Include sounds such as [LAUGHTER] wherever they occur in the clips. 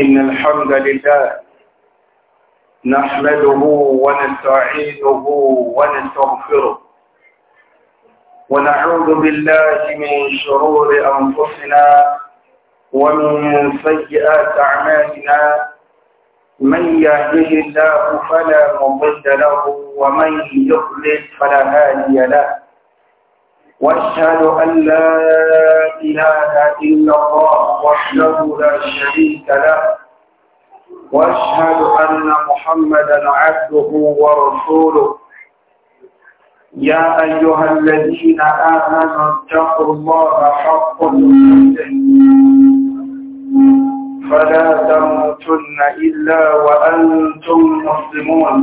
إن الحمد لله نحمده ونستعينه ونستغفره ونعوذ بالله من شرور أنفسنا ومن سيئات أعمالنا من يهده الله فلا مضل له ومن يضلل فلا هادي له واشهد ان لا اله الا الله وحده لا شريك له واشهد ان محمدا عبده ورسوله يا ايها الذين امنوا اتقوا الله حق تقاته فلا تموتن الا وانتم مسلمون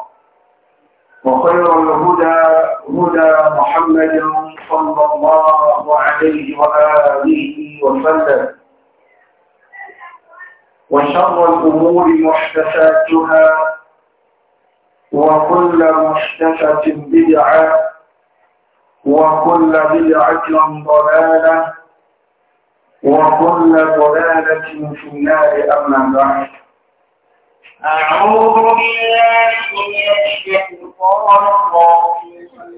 وخير الهدى هدى محمد صلى الله عليه وآله وسلم وشر الأمور محدثاتها وكل محدثة بدعة وكل بدعة ضلالة وكل ضلالة في النار أما بعد أعوذ بالله من الشيطان الرجيم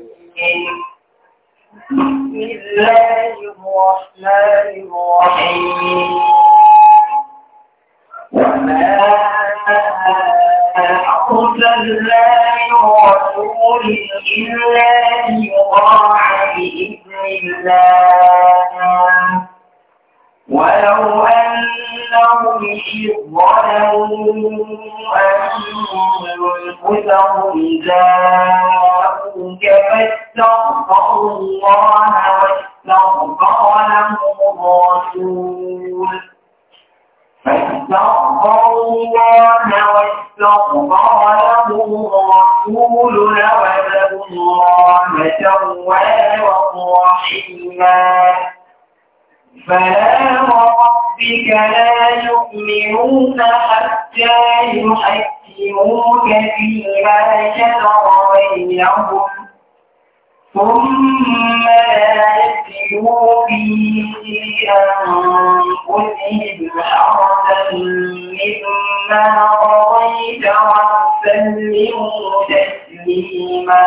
بسم الله الرحمن الرحيم وما أرسلنا من رسول إلا ليطاع بإذن الله ولو أن قومه ظلموا أنفسهم جاءوك فاستغفروا الله واستغفر لهم الرسول فاستغفروا الله واستغفر الله توابا فلا وقت ربك لا يؤمنون حتى يحكموك فيما شجر بينهم ثم لا يجدوا في أنفسهم حرجا مما قضيت وسلموا تسليما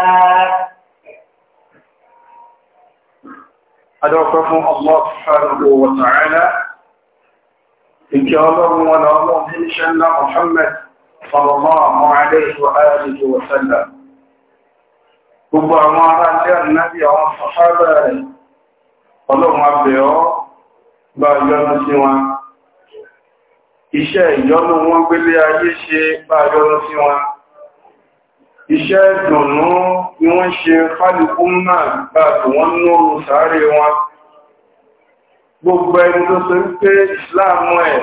adọ́pẹ́ fún Allah subhanahu wa ta'ala ìkẹ́ ọlọ́run wọn lọ mọ́ ní iṣẹ́ ńlá Muhammad sallallahu alayhi wa alihi wa sallam gbogbo àwọn ará ilé ànábì àwọn sàhábà rẹ̀ ọlọ́run abẹ̀ ọ́ bá yọ́nú sí wọn iṣẹ́ ìyọ́nú wọn gbélé ayé ṣe bá yọ́nú sí wọn iṣẹ́ ìdùnnú ni wọ́n ṣe fálukú náà bá tò wọ́n gbogbo ẹni tó so wípé ìsìláàmù ẹ̀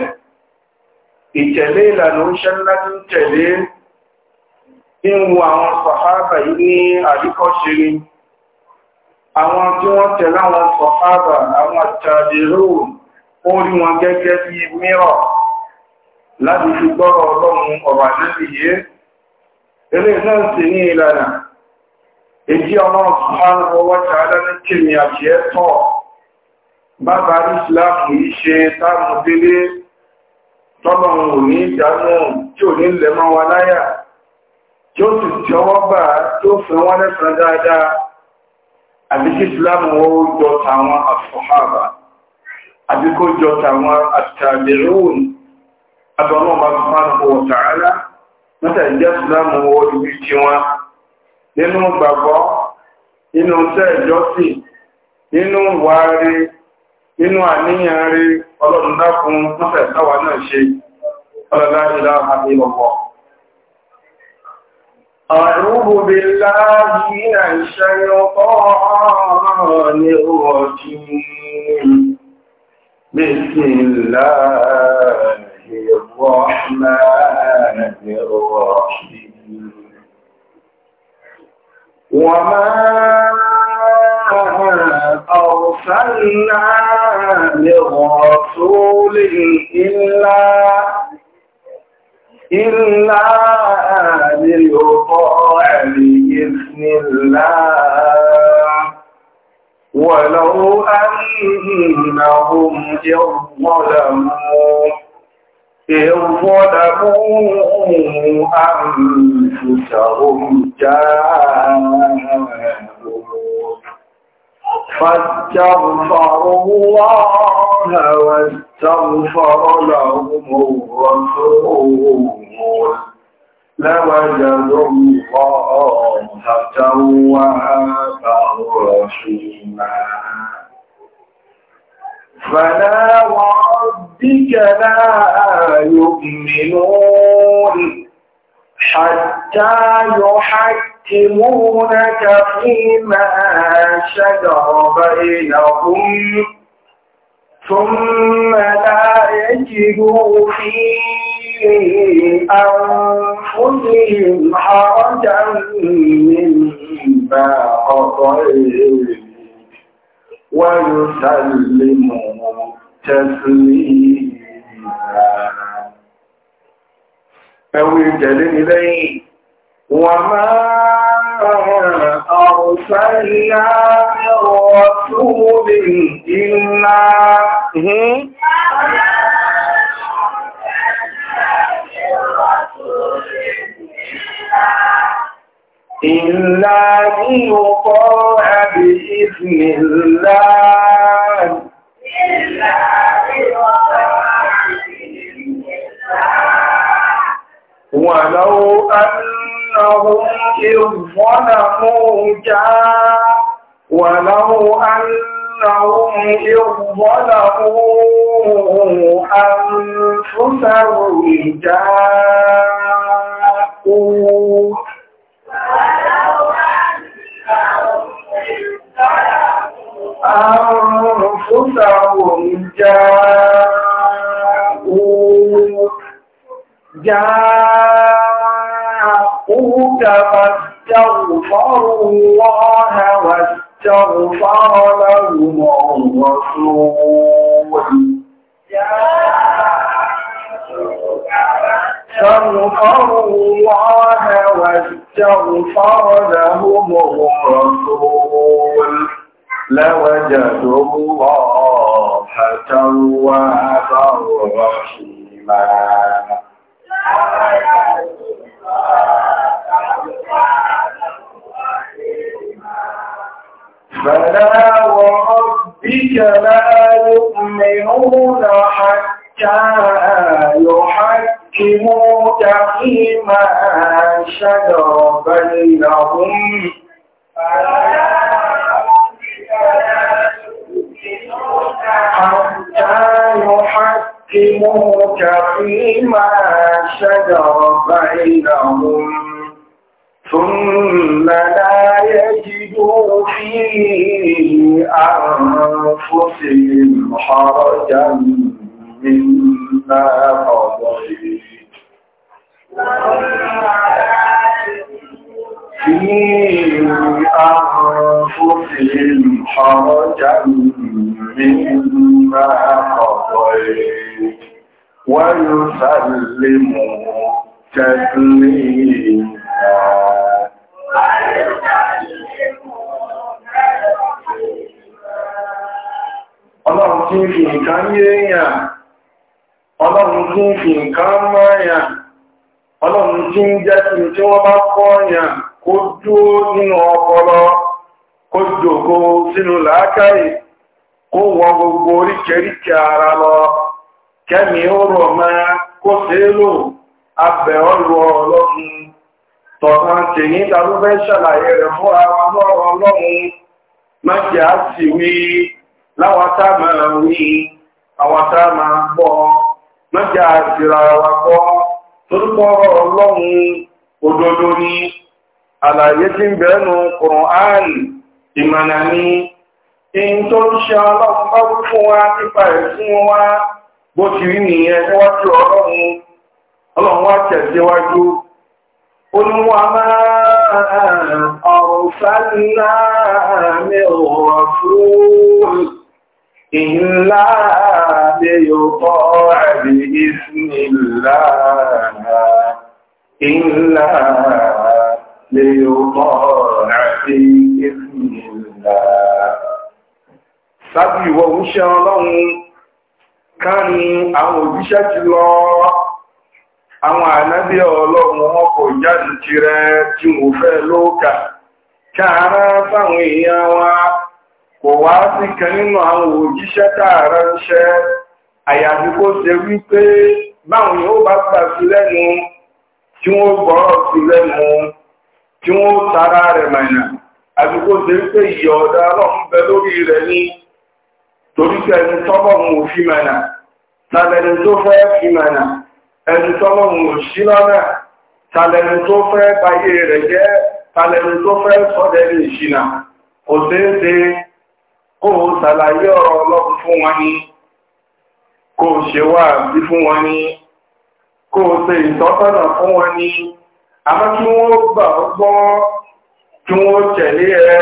ìtẹ̀lé ìlànà oúnṣẹ́ ńlá tí ń tẹ̀lé nínú àwọn sọ̀hábà yìí ní àríkọ́ṣe ni àwọn tí wọ́n tẹ̀lé àwọn sọ̀hábà àwọn àtàdérò ó rí wọn gẹ́gẹ́ bí mírọ̀ láti fi gbọ́rọ̀ ọlọ́run ọ̀rọ̀ àdẹ́bì yé eré náà sì ní ìlànà èjì ọmọ sọ̀hábà wọ́n tààdá àti ẹ̀tọ́ bàbá ìsìláàmù yìí ṣe táàmù délé tọ́lọ̀ ò ní ìdánú tí ò ní lẹ̀ mọ́ wa láyà tí ó sì tí ọwọ́ bà tí ó fẹ́ wọ́n lẹ́sàn dáadáa àbí kí ìsìláàmù ó jọ tàwọn àfọ̀hábà àbí kó jọ tàwọn àtàbẹ̀rún àbọ̀nà bá nínú gbàgbọ́ nínú tẹ́ ìjọsìn nínú wàárí nínú àníyàn rí ọlọ́run dákun mọ́sẹ̀ táwa náà ṣe ọlọ́lá ìlà àti ọ̀pọ̀. أعوذ بالله من الشيطان الرجيم بسم أرسلنا لرسول إلا إلا ليطاع بإذن الله ولو أنهم إذ ظلموا إذ ظلموا أنفسهم جاءوا فاستغفروا الله واستغفر لهم الرسول لوجدوا الله توابا رحيما فلا وربك لا يؤمنون حتى يحكم يحكمونك فيما شجر بينهم ثم لا يجدوا في أنفسهم حرجا مما قضيت ويسلموا تسليما أو يجلب إليه وما أرسلنا من رسول إلا إلا ليطاع بإذن الله إلا ليطاع بإذن الله ولو أن أنهم إن ظلموا جاء ولو أنهم إن ظلموا أنفسهم جاءوا أنفسهم جاءوا جاءوا الله ń jẹ́ kí n tí wọ́n bá kọ́ọ̀yàn kó dúó nínú ọpọlọ kó jòkó sínú làákàyè kó wọ gbogbo ara lọ kẹ́mi ó rọ̀ mọ́ kó ṣeé lò ọlọ ọlọ́run tọ̀tàn tèyí darúgbẹ́ ṣàlàyé rẹ̀ lọ́rọ̀ ọlọ́run sì wí láwátá máa wí àwátá máa torúkọ ọlọ́run òdodo ni àlàyé tí ń bẹ̀ẹ́nu kùrùnánì ìmọ̀nà ni in tó ń ṣe ọlọ́run bá wú fún wa nípa ẹ̀sìn wa bó ti rí nìyẹn níwájú ọlọ́run ọlọ́run wá tẹ̀síwájú ó ní wà máa ọ̀rùn يطاع بإذن الله إلا ليطاع ọlọ́run kárí àwọn òbíṣẹ́ ti lọ àwọn ànábí ọlọ́run wọn kò tí mo fẹ́ lóòkà káàrá fáwọn èèyàn wá. kò wá sí kan nínú àwọn òjíṣẹ́ tààrà ń ṣẹ́ àyàfi kó ṣe wípé báwọn yóò bá gbà sí lẹ́nu tí wọ́n gbọ́rọ̀ sí lẹ́nu tí wọ́n tara rẹ̀ mọ̀nà àti kó ṣe wípé ìyọ̀ ọ̀dà ọlọ́run bẹ lórí rẹ̀ ní torí pé ẹni tọ́lọ́run ò fi mọ̀nà tàbẹ̀ni tó fẹ́ fi mọ̀nà ẹni tọ́lọ́run ò sí lọ́nà tàbẹ̀ni tó fẹ́ bayé rẹ̀ jẹ́ tàbẹ̀ni tó fẹ́ sọ́dẹ̀ ní ìṣìnà kò ṣeé ṣe kó o ṣàlàyé ọ̀rọ̀ ọlọ́run fún wọn ni kó ṣe wá àbí fún wọn ni kó ṣe ìtọ́sọ́nà fún wọn ni àmọ́ kí wọ́n gbà ọ́ kí wọ́n tẹ̀lé ẹ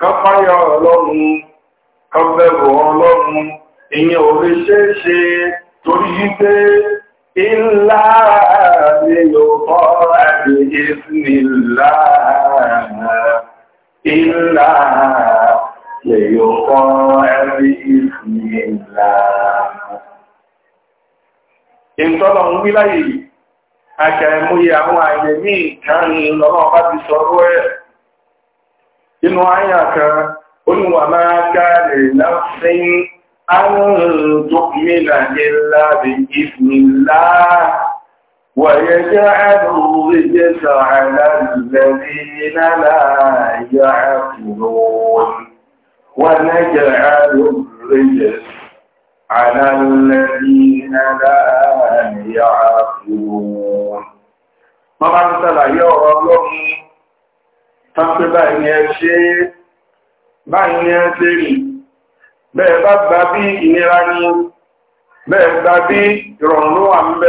kápáyà ọlọ́run kọ́bẹ̀rù ọlọ́run ìyẹn ò lè ṣeé ṣe torí wípé ńlá ni yóò ليقاع بإذن الله ìtọ́lọ̀ ń wí láyé yìí akẹ̀múyẹ àwọn àyè ní ìkàrin lọ́nà bá ti sọ̀rọ̀ ẹ̀ inú àyà kan oníwà máa káàrẹ̀ láfín àwọn tó mìnà ilá bí ìfìnlá ويجعل الرجس على الذين لا يعقلون ونجعل الرجس على الذين لا يعقلون wọ́n máa ń sàlàyé ọ̀rọ̀ ọlọ́run tán pé báyìí ẹ ṣe báyìí ẹ ṣe rí bẹ́ẹ̀ bá gbà bí ìnira ní bẹ́ẹ̀ gbà bí ìrọ̀rùn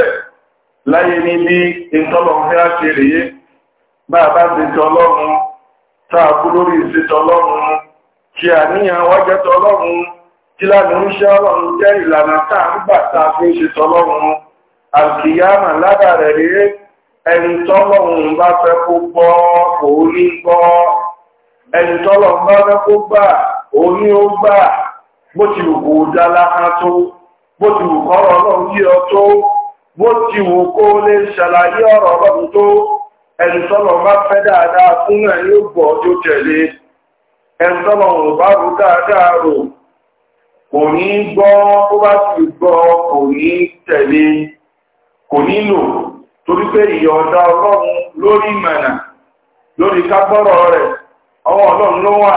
láyé ní bí ìtọ́lọ̀un fẹ́ rèé bá bá ti tọ́lọ́run tààkú lórí ìsìtọ́lọ́run ṣe àníyàn wájẹ́ tọlọ́run tí lánà ń ṣe ọlọ́run jẹ́ ìlànà táà ń gbà tá a fi ń ṣe tọlọ́run àkìyàmà ládà rẹ̀ rèé ẹni tọlọ́run bá fẹ́ kó gbọ́ òun ní gbọ́ ẹni tọlọ́run bá fẹ́ kó gbà òun ní ó gbà bó ti wù kó dá láhá tó bó ti wù kọ́rọ̀ ọlọ́run yí ọ tó bó ti wù kó lè ṣàlàyé ọ̀rọ̀ ọlọ́run tó ẹni bá fẹ́ dáadáa fún ẹ̀ yóò gbọ́ tó tẹ̀lé ẹ̀ńtọ́lọ̀ ò bá rú dáadáa rò kò ní gbọ́ ó bá sì gbọ́ kò ní tẹ̀lé kò nílò torí pé ìyọ̀ọ̀dá ọlọ́run lórí mẹ̀nà lórí kágbọ́rọ̀ rẹ̀ ọlọ́run ló wà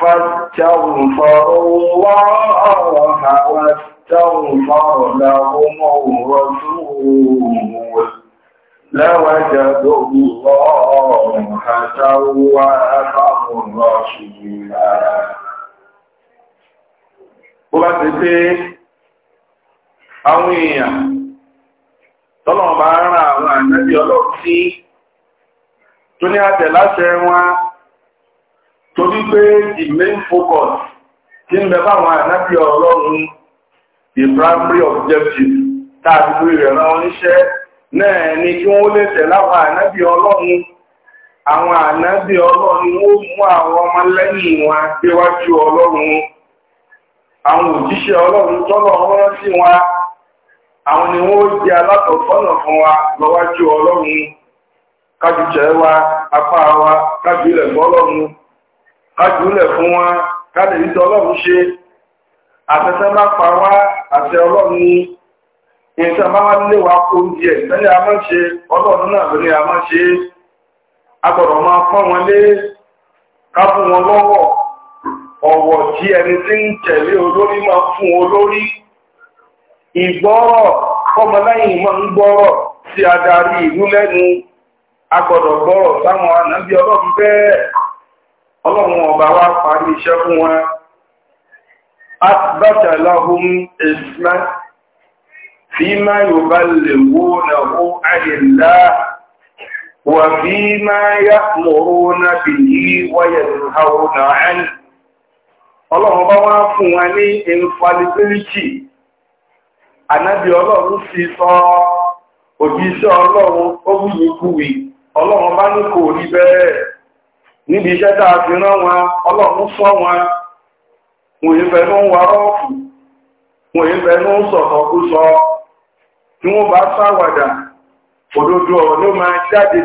فاستغفروا الله واستغفر لهم الرسول لوجدوا الله توابا رحيما Bó bá ti pé àwọn èèyàn tọ́lọ̀ bá rán àwọn àjẹ́bí ọlọ́pí tó ní àtẹ̀ láṣẹ wọn torí pé the main focus tí ń bẹ báwọn ànábì ọlọ́run the primary objective táàbí lórí rẹ̀ rán oníṣẹ́ náà ni kí wọ́n lè tẹ̀ láwọn ànábì ọlọ́run àwọn ànábì ọlọ́run ó mú àwọn ọmọ lẹ́yìn wọn déwájú ọlọ́run àwọn òjíṣẹ́ ọlọ́run tọ́lọ̀ ọlọ́run sí wa àwọn ni wọ́n alátọ̀fọ́nà fún kájúlẹ̀ fún wa ká lè ọlọ́run ṣe àtẹ́tẹ́ má pa wá àti ọlọ́run ní ìṣẹ́ máa wá nílé wa kó ṣe ọlọ́run náà lórí a ṣe a gbọ́dọ̀ máa fọ́n wọn lé ká wọn lọ́wọ́ ọ̀wọ̀ tí ẹni tí ń tẹ̀lé olórí máa fún olórí ìgbọ́rọ̀ máa ń gbọ́rọ̀ ìlú lẹ́nu a gbọ́dọ̀ gbọ́rọ̀ sáwọn ànábì ọlọ́run ọba wá parí iṣẹ́ fún wọn asbata lahum isma fima yuballighūnahu anillāh wa fima ya'murūna bihi wa yanhawna 'anhu ọlọ́run ọba wá fún wọn ní infallibility ànábì ọlọ́run sì sọ òbí iṣẹ́ ọlọ́run ó wúyí kúwì ọlọ́run bá ní kò rí níbi iṣẹ́ tá fi rán wọn ọlọ́run wọn wọn yìí wà rọ́ọ̀fù wọn yìí fẹnu sọ̀tọ̀kúsọ tí wọ́n bá sáwàdà òdodo ọ̀rọ̀ ló máa jáde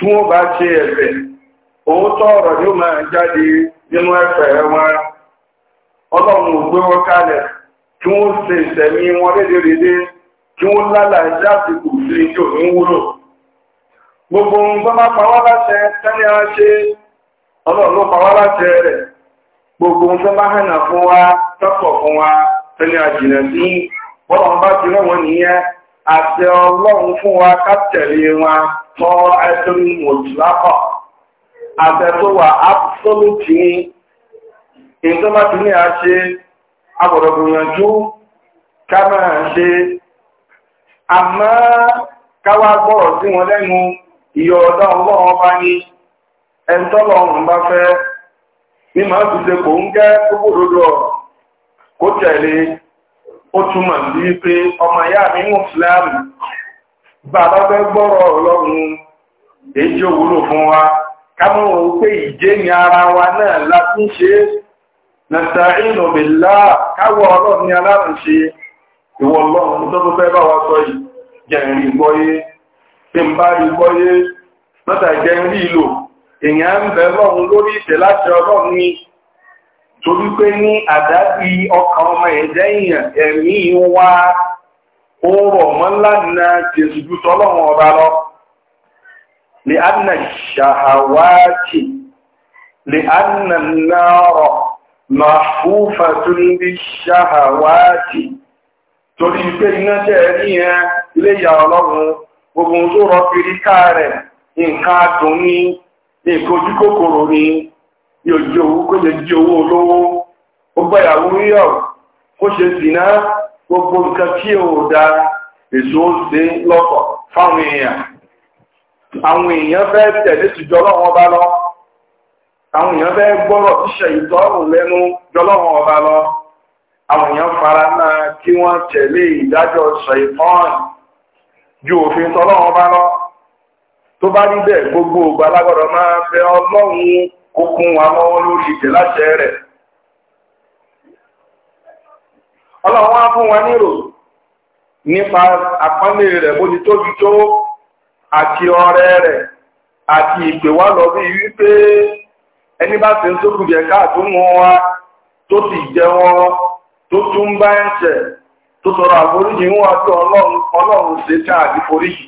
wọn bá ṣe ẹ̀fẹ̀ òótọ́ ọ̀rọ̀ ló máa jáde nínú ẹ̀fẹ̀ wọn ọlọ́run ò gbé kí wọ́n ṣe ìṣẹ̀mí wọn kí wọ́n lálàá láti kù sí ní gbogbo ohun tó bá taniara tẹ́lẹ̀ ṣe ọlọ́run gbogbo ohun hànà fún wa tọ́pọ̀ fún wa tẹ́lẹ̀ á sí bọ́lọ̀n bá ti nìyẹn àti fún wa wa tọ́ ẹtọ́ ní a ṣe ṣe àmọ́ káwá gbọ́rọ̀ sí wọn lẹ́nu ìyọ ọ̀dá ọlọ́run bá ní ẹntọ́lọ́run bá fẹ́ ní máa fi kò ń gẹ́ gbogbo kó tẹ̀lé ó túmọ̀ sí pé ọmọ ìyá mi ní ìsìláàmù bàbá fẹ́ gbọ́rọ̀ ọlọ́run èjì òwúrò fún wa kámọ́ wọn pé ìjé ni ara wa náà ṣe káwọ ọlọ́run ni ṣe ìwọ ọlọ́run tó tó fẹ́ sọ yìí jẹ̀rìn tí ń bá rí gbọ́yé mọ́tàjẹ́ ń rí ìlò èèyàn ń bẹ lọ́run lórí ìtẹ̀ láti ọlọ́run ni torí pé ní àdábì ọkàn ọmọ ẹ̀jẹ̀ èèyàn ẹ̀mí wa ó rọ̀ mọ́ ńláńlá jésù ju tọ́lọ́run ọba lọ lè ánà ṣàhàwáàtì lè ánà náà màfúfàtún bí ṣàhàwáàtì torí pé iná yẹn ilé ìyá ọlọ́run gbogbo ohun tó rọ kiri ká rẹ̀ nǹkan adùn ní nǹkan ojú kòkòrò ní ní òjì owó kó lè di owó olówó gbogbo ìyàwó yíyọ kó ṣe sìná gbogbo nǹkan tí ò da èso ń ṣe lọ́kọ̀ fáwọn èèyàn àwọn èèyàn fẹ́ tẹ̀lé ìtùjọ́ lọ́wọ́ bá lọ àwọn èèyàn fẹ́ gbọ́rọ̀ tíṣẹ̀ ìtọ́rùn lẹ́nu jọlọ́wọ́ ọba lọ àwọn èèyàn fara náà kí wọ́n tẹ̀lé ìdájọ́ ṣàìfọ́ọ̀nì ju òfin tọ́lọ́run bá lọ tó bá rí bẹ́ẹ̀ gbogbo ògbà lágbọ́dọ̀ máa bẹ ọlọ́run kó wa lọ́wọ́ lórí láṣẹ rẹ̀ ọlọ́run á fún wa nírò nípa àpọ́nlé rẹ̀ bó ti tóbi tó àti ọrẹ rẹ̀ àti ìpè wá lọ bí wípé ẹni bá ti ń sókùnjẹ káàtó wọn tó tún tó tọrọ àforíjì ń wá tó ọlọ́run ṣe tá àdíforíjì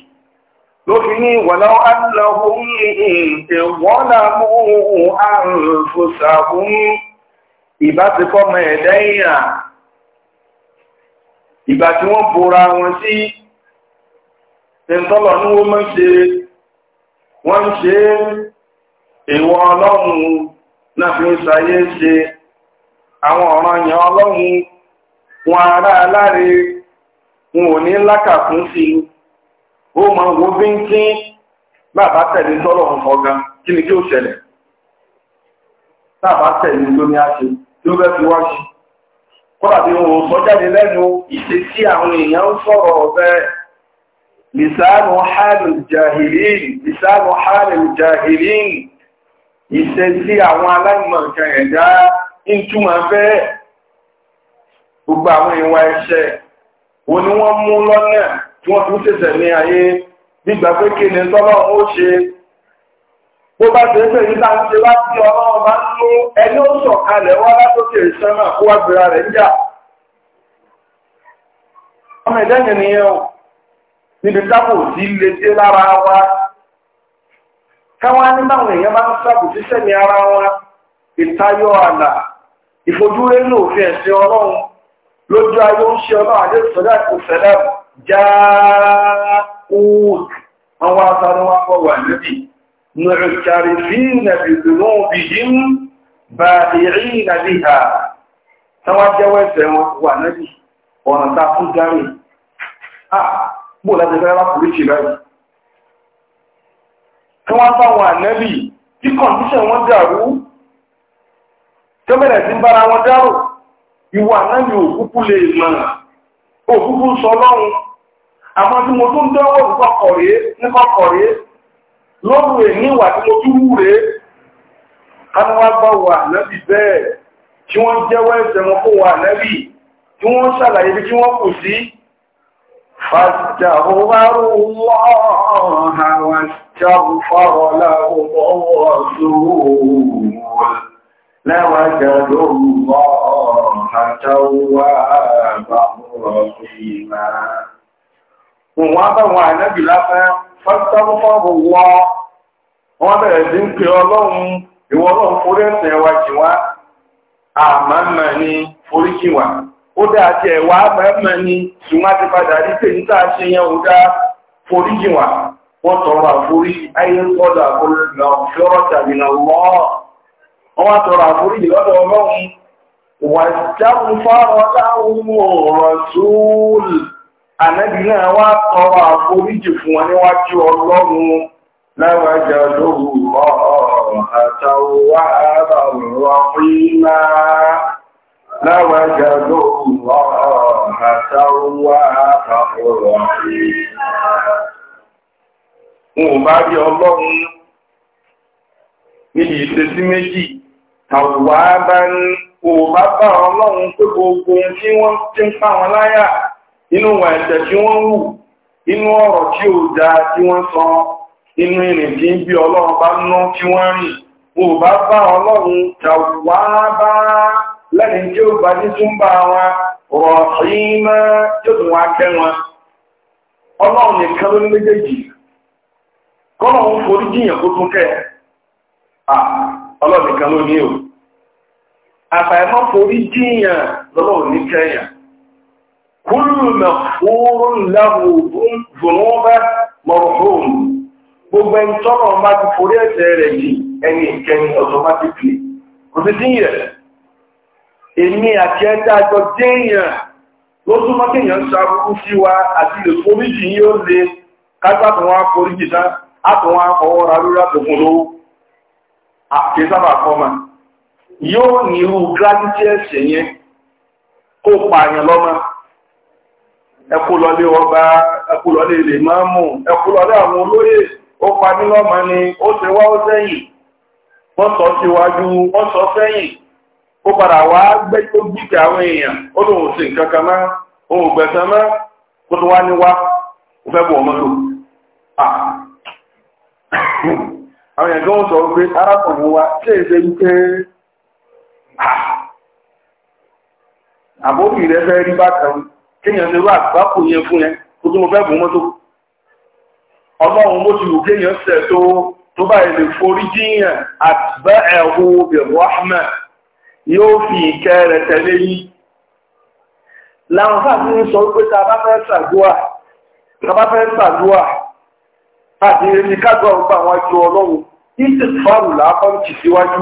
ló fi ní ìwọ̀láwọ́ ánìlọ́hún ìwọ́nàmú àrùnfòsàhún ìbáṣepọ́mọ ẹ̀dẹ́ ìyà ìgbà tí wọ́n wọn sí tẹ́ntọ́lọ̀ wọ́n ṣe wọ́n ìwọ̀ ọlọ́run náà fi ń sayé ṣe àwọn wọn ará aláre wọn ò ní wo bí ń bàbá tẹ̀lé tọ́lọ̀ kí ni kí ó ṣẹlẹ̀ bàbá tẹ̀lé ló ní àṣẹ tí ó fẹ́ fi wá sí kọ́lá bí wọn ò sọ jáde lẹ́nu ìṣe àwọn èèyàn ń sọ̀rọ̀ ọ̀bẹ àwọn aláìmọ̀ gbogbo àwọn ìwà ẹsẹ wo ni wọn mú lọ́nà tí wọ́n fi ń ṣẹ̀ṣẹ̀ ní ayé gbígbà pé kí ni tọ́lọ́ ó ṣe bó bá ṣe ń pè ní láti láti ọlọ́run bá ń mú ẹni ó sọ̀kalẹ̀ wá látòkè ìṣẹ́mà kó wá gbéra ọmọ o níbi sí lè dé lára wa káwọn èèyàn máa ń ara wa àlà ìfojúrénú òfin ẹ̀sìn lójú ayé ń ṣe ọlọ́run àdé sọ́dá kò sẹ́lẹ̀ já òòk àwọn asáré wọn kọ wà níbi nùrùkàrí sí nàbì dùnú bí yín bá ìrí nàbì hà táwọn jẹ́wọ́ ẹ̀ṣẹ̀ wọn wà níbi ọ̀nà tí wọ́n bẹ̀rẹ̀ sí bára wọn dárò ìwà láyé òkúkú lè mọ̀ òkúkú sọ lọ́run àwọn tí mo tó ń dánwò nípakọ̀rẹ́ nípakọ̀rẹ́ lóru rẹ̀ ní ìwà tí mo tún wù rẹ̀ kánáwá bá wà nábì bẹ́ẹ̀ tí wọ́n jẹ́wọ́ ẹ̀ṣẹ̀ wọn kó wà nábì tí wọ́n ṣàlàyé bí tí wọ́n kù sí فاستغفروا الله واستغفر لهم الرسول لوجدوا الله tawwaba rahima wọ́n bá wọn ànábì lásán fọ́tọ́fọ́bù wọ́ wọ́n bẹ̀rẹ̀ sí ń pè ọlọ́run ìwọ ọlọ́run forí ẹ̀sìn ẹ̀wà jì wá àmàmà ni forí jì wá ó dáa ti ẹ̀wà àmàmà ni ṣùgbọ́n a ti padà rí pé níta ṣe yẹn ó wàjáfúnfà ọláhùn rọ̀súùlù ànábì náà wá tọrọ àforíjì fún wọn níwájú ọlọ́run láwájá lóhùn ọ̀rọ̀ àtàwọ̀ àbàwọ̀ ìmá láwájá lóhùn ọ̀rọ̀ àtàwọ̀ àbàwọ̀ kò bá bá ọlọ́run pé gbogbo ohun tí wọ́n ti ń pa wọn láyà inú tí wọ́n wù inú ọ̀rọ̀ tí ò dáa tí wọ́n sọ inú ìrìn tí ń bí ọlọ́run bá ná tí wọ́n rìn kò bá bá ọlọ́run tàwá bá tí ó gba wọn rọ̀ sí mọ́ tí ọlọ́run nìkan ló ní méjèèjì forí jìyàn kó tún àfàìmọ́ forí jíyàn lọ́lọ́ òní kẹyàn kúlù mẹ́fúrún láhùn zùnúbẹ́ mọ̀rùn gbogbo ẹni tọ́nà ọmọ ti forí ẹ̀ṣẹ̀ rẹ̀ yìí ẹni ìkẹyìn automatically kò sí díyàn èmi àti ẹ̀dá àjọ le kájọ́ àtúnwá forí jì tán àtúnwá fọwọ́ ra àti sábà kọ́ máa yóò ní irú gravity ẹ̀ṣẹ̀ yẹn kó pààyàn lọ́mọ ẹkú lọlé ọba ẹkú lọlé ilé máàmù ẹkú àwọn olóyè ó pa mí lọ́mọ ni ó ṣe wá ó sẹ́yìn wọ́n sọ síwájú wọ́n sọ sẹ́yìn ó padà wá gbé tó gbígbé àwọn èèyàn ó lóun ò sí nǹkan kan mọ́ ó ń sọ àbóbì rẹ fẹ́ rí bákan kéèyàn lè wá àgbákò yẹn fún ẹ kó tó mo fẹ́ bù mọ́tò ọlọ́run mo ti wù kéèyàn sẹ̀ tó tó báyìí lè forí jíyàn àtibẹ́ ẹ̀hó bẹ̀rù ahmed yóò fi ìkẹ́ rẹ̀ tẹ̀lé yìí láwọn fàájú ń sọ wípé ta bá fẹ́ ṣàdúà ta bá fẹ́ ṣàdúà àti èmi kájọ ọgbà àwọn ẹjọ́ ọlọ́run ìsìnkú fáwùlà fọ́nkì síwájú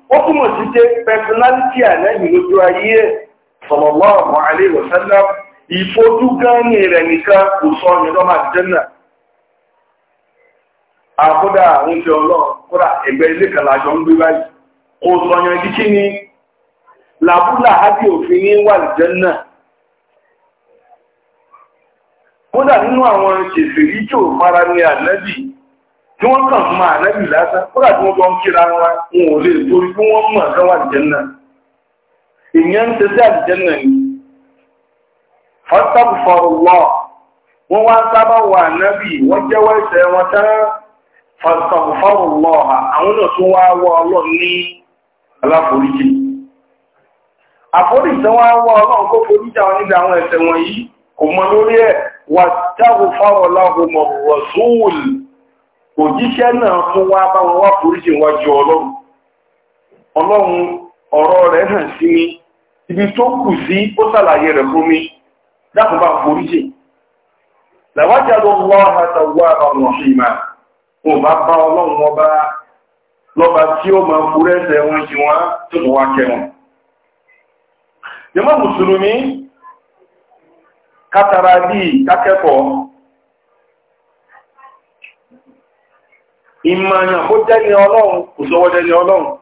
ó túmọ̀ sí pé personality ànáyìn lójú ayé ẹ̀ sallallahu alaihi wasallam ìfojúgánni rẹ̀ nìkan kò sọ ní lọ́mà jẹ́nà àkódà àwọn ìfẹ́ ọlọ́run kódà ẹgbẹ́ ilé kan ni ní nínú àwọn tí wọ́n kàn fún máa rẹ́bì lásán kódà tí wọ́n bọ́ ń kíra wọn wọn ò lè torí kí wọ́n mọ̀ lọ́wọ́ àlùjànnà ìyẹn ń tẹ́sí àlùjànnà ni ọ́sàbù fọ̀rọ̀ wọ̀ wọ́n wá sábà wà nábì wọ́n jẹ́wọ́ ẹ̀ṣẹ̀ wọn tán fọ̀sàbù fọ̀rọ̀ wọ̀ àwọn náà tún wá wọ ọlọ́run ní aláforíjì àforíjì wọn wọ ọlọ́run kó foríjì àwọn níbi àwọn ẹ̀ṣẹ̀ wọ̀nyí kò mọ lórí ẹ̀ wà òjíṣẹ́ náà mú wá bá wọn wá foríjì wájú ọlọ́run ọlọ́run ọ̀rọ̀ rẹ̀ hàn sí mi ibi tó kù sí ó sàlàyé rẹ̀ fún mi dákun bá foríjì làwájà ló wá àtàwọ̀ àwọn ọ̀ṣìmá wọn bá bá ọlọ́run ọba lọ́ba tí ó máa fúrẹ́sẹ̀ wọn jì wọ́n tó ìmàyàn kó jẹ́ ní ọlọ́run kò sọ́wọ́dẹ́ ní ọlọ́run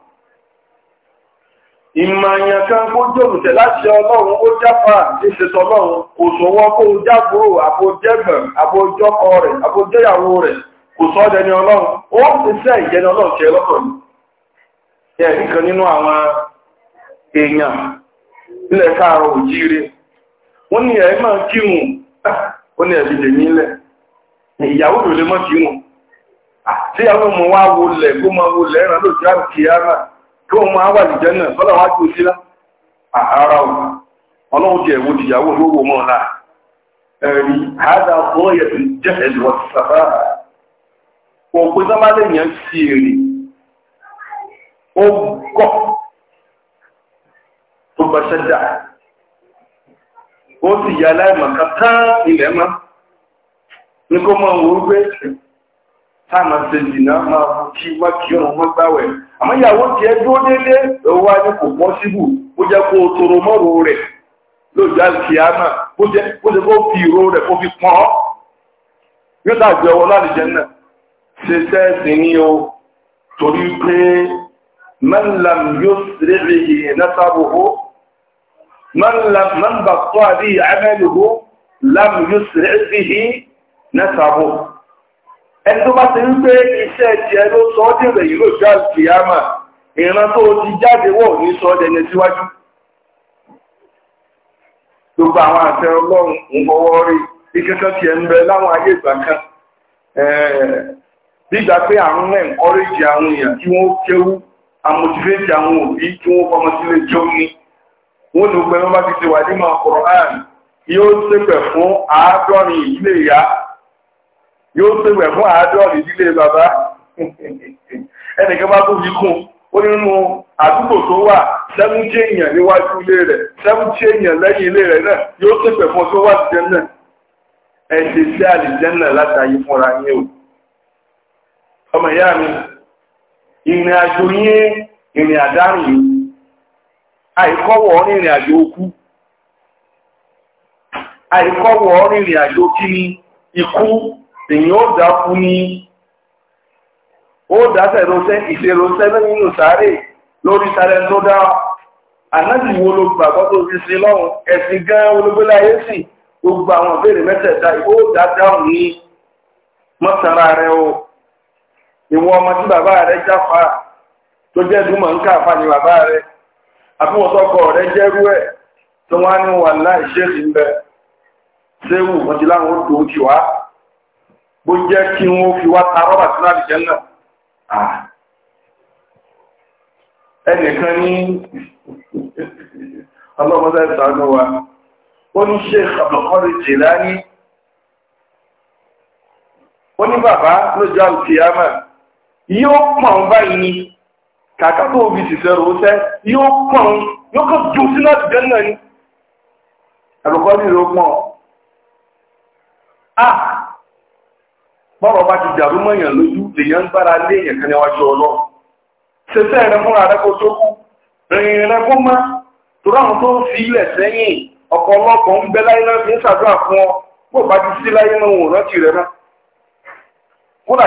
ìmàyàn kan kó jòrùtẹ̀ láti ọlọ́run ó jápa ìṣẹ́sọ ọlọ́run kò sọ́wọ́ kó jábúrò àbójẹ́gbọ̀n àbójọ́kọ rẹ̀ àbójẹ́yàwó rẹ̀ kò sọ ọlọ́run ó ti sẹ́ ṣe lọ́kàn ní ẹ̀rí kan nínú àwọn èèyàn káàrọ̀ òjíire wọ́n ní ẹ̀ máa kírun ah, ó ní ẹ̀ tí àwọn ọmọ wa wulẹ̀ kó máa wulẹ̀ ẹ̀ràn lójú àrùn kìíyàmà kí wọ́n máa wà nìjẹ́ náà wá sí ara ọlọ́run jẹ́ ìwò ló wò mọ́ náà ẹ̀rí àádá ọ̀yẹ̀ tó jẹ́ ẹ̀lọ́ sàfà òpin tó bá lè yàn sí èrè ó gọ̀ tó bá ṣẹ́dá ó sì yà ilẹ̀ mọ́ ní kó máa wọ́n gbé táàmà ṣe jìnnà máa mú kí wọ́n kí ọ̀run wọ́n gbáwẹ̀ àmọ́ ìyàwó tiẹ̀ dúró délé òun wá ní kò bọ́ síbù ó jẹ́ kó o toro mọ́rò rẹ̀ lójú àlùkìyàmà ó jẹ́ kó fi ìró rẹ̀ kó fi pọ́n ọ́ yóò dàgbé ọwọ́ lálùjẹ́ náà ṣe sẹ́ẹ̀sì ní o torí pé mẹ́làm yóò ṣeré ìyẹn lásàbò ó mẹ́làm bàtọ́ àbí àmẹ́lò ó lám yóò ṣeré ìyẹn lásàbò ẹni tó bá ti ń gbé iṣẹ́ ti ẹ ló sọ dèrè yìí lójú àlùkìyàmà ìran tó ti jáde wọ̀ ní sọ dẹni síwájú gbogbo àwọn àṣẹ ọlọ́run ń rí bí kankan ti ẹ ń bẹ láwọn ayé ìgbà kan pé náà àwọn èèyàn tí wọ́n kéwú àwọn òbí tí fún àádọ́rin ìdílé ìyá yóò pèwẹ̀ fún àádọ́rin ìdílé bàbá ẹnìkan bá tó fi kún ó nínú àdúgbò tó wà sẹ́mùtì èèyàn níwájú ilé rẹ̀ sẹ́mùtì èèyàn lẹ́yìn ilé rẹ̀ náà yóò pèpè fún tó wà jẹ́ náà ẹ ṣe sí àlìjẹ́nà látàyè fúnra yín o ọmọ ìyá mi ìrìn àjò yín ìrìn àdárìn yìí àìkọ́wọ̀ ní ìrìn àjò okú àìkọ́wọ̀ ní ìrìn àjò kíní ikú èyàn ó dá kú ní ó dá sẹ̀rọ̀sẹ́ ìṣèrọ̀sẹ́ nínú sáré lórí sáré tó dá ànábì wo ló gbàgbọ́ tó fi sí lọ́hùn ẹ̀sìn gan olóbélé ayé sì gbogbo àwọn ìbéèrè mẹ́tẹ̀ẹ̀ta ó dá dáhùn ní mọ́sára rẹ o ìwọ ọmọ tí bàbá rẹ jáfa tó jẹ́ dúmọ̀ ń káfa ní bàbá rẹ àfihàn rẹ jẹ́rú ẹ̀ tó wá ní wàhálà ìṣèlú ń bẹ séwù mọ̀tíláwọn ó tó ti wá bó jẹ́ kí wọ́n fi wá ta rọ́bà sínú àdìjẹ́ náà ẹnìkan ní ọlọ́mọdé ìtànú wa ó ní Sheikh Abdulqadir Jilani ó ní bàbá lójá òkèyàmà yóò pọ̀n báyìí ni kàkà tó fi ṣiṣẹ́ rò tẹ́ yóò pọ̀n yóò kọ́ jù sínú àdìjẹ́ náà ni Abdulqadir ló pọ̀n bọ́rọ̀ bá ti dàrú mọ́yàn lójú lèyàn gbára lé èèyàn kan níwájú ọlọ́run ṣe fẹ́ rẹ fúnra rẹ kó tó kú rìnrìn rẹ kó má torí tó fi ilẹ̀ sẹ́yìn ọkọ̀ ń bẹ láyé náà ń ṣàdúrà fún ọ bó bá ti sí láyé wa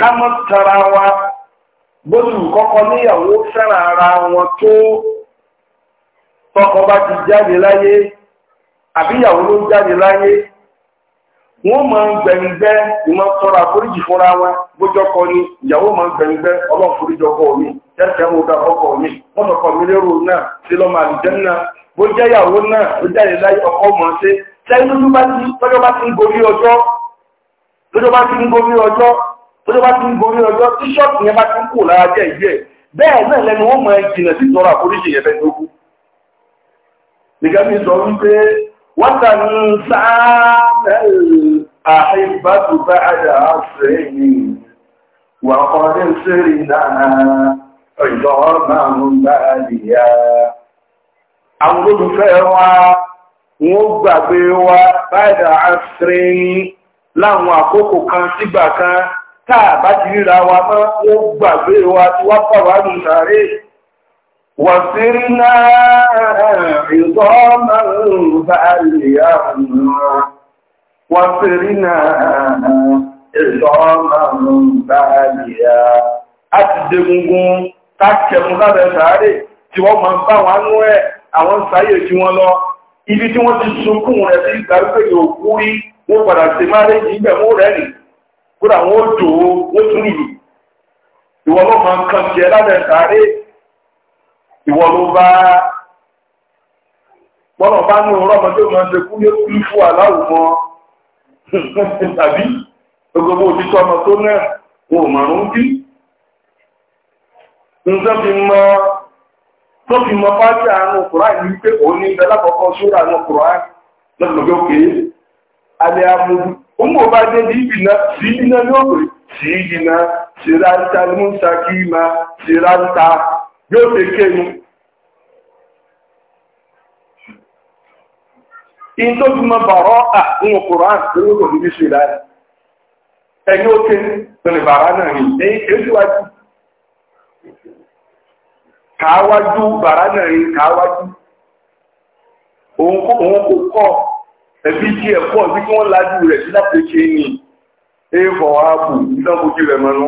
ká mọ́ tara wa gbóṣù ara wọn tó tọkọ bá ti jáde láyé àbíyàwó ló jáde láyé wọ́n ma ń gbẹ̀ngbẹ́ ìmọ̀ fọ́ra àforíjì fúnra wọn bójọ́ kọ ni ìyàwó ma ń gbẹ̀ngbẹ́ ọlọ́foríjọkọ mi tẹ́tẹ́ mo da ọkọ mi wọ́n sọ̀kọ̀ mi lérò náà sí lọ́mọ àlùjẹ́ náà ọkọ mọ̀ ṣe sẹ́yìn lójú bá ti tọ́jọ́ bá ti ń gorí ọjọ́ tọ́jọ́ bá ti ń gorí ọjọ́ tọ́jọ́ bá ti ń gorí ọjọ́ tíṣọ́ọ̀tì yẹn bá ti a بعد عصرين وقد سرنا عظاما باليا àwọn olólùfẹ́ na wọ́n gbàgbé wa báyìí àṣírí láwọn àkókò kan sígbà kan táà bá ti ríra wọ́pẹ̀rínà ìlọ́ọ̀mọ̀rún báyìíyà a ti dẹgungun tákẹ̀mù lábẹ́ sàárè tí wọ́n máa ń bá wọn nú ẹ̀ àwọn sáyè tí wọ́n lọ ibi tí wọ́n ti sunkún rẹ̀ sí ìgbàgbé òkú rí wọ́n padà sí márẹ́jì bá ní òun rọ́mọdé máa kú ní fún aláwùmọ́ tàbí gbogbo òtítọ́ ọmọ tó náà wò márùn ún kí tó fi mọ pàtí àánú kùrá ìlú pé òun ní ìbẹ̀ lákọ̀ọ́kọ́ ṣúra àánú kùrá lọ́gbọ̀gbọ̀ òkè alẹ́ amúdú ọmọ bá dé bí sí sí in tó fi mọ bàrọ́ à nínú koran lórí kò níbi ṣe láyé ẹni ó ké pẹ̀lú bàrá náà ni ẹ̀yìn kéjúwájú kàáwájú bàrá náà ni kàáwájú òun kò kọ́ ẹbí tí ẹ kọ́ bí wọ́n lájú rẹ̀ sí láti ṣe ni éèfọ̀ ààbò ìdánkojú rẹ̀ mọ́nú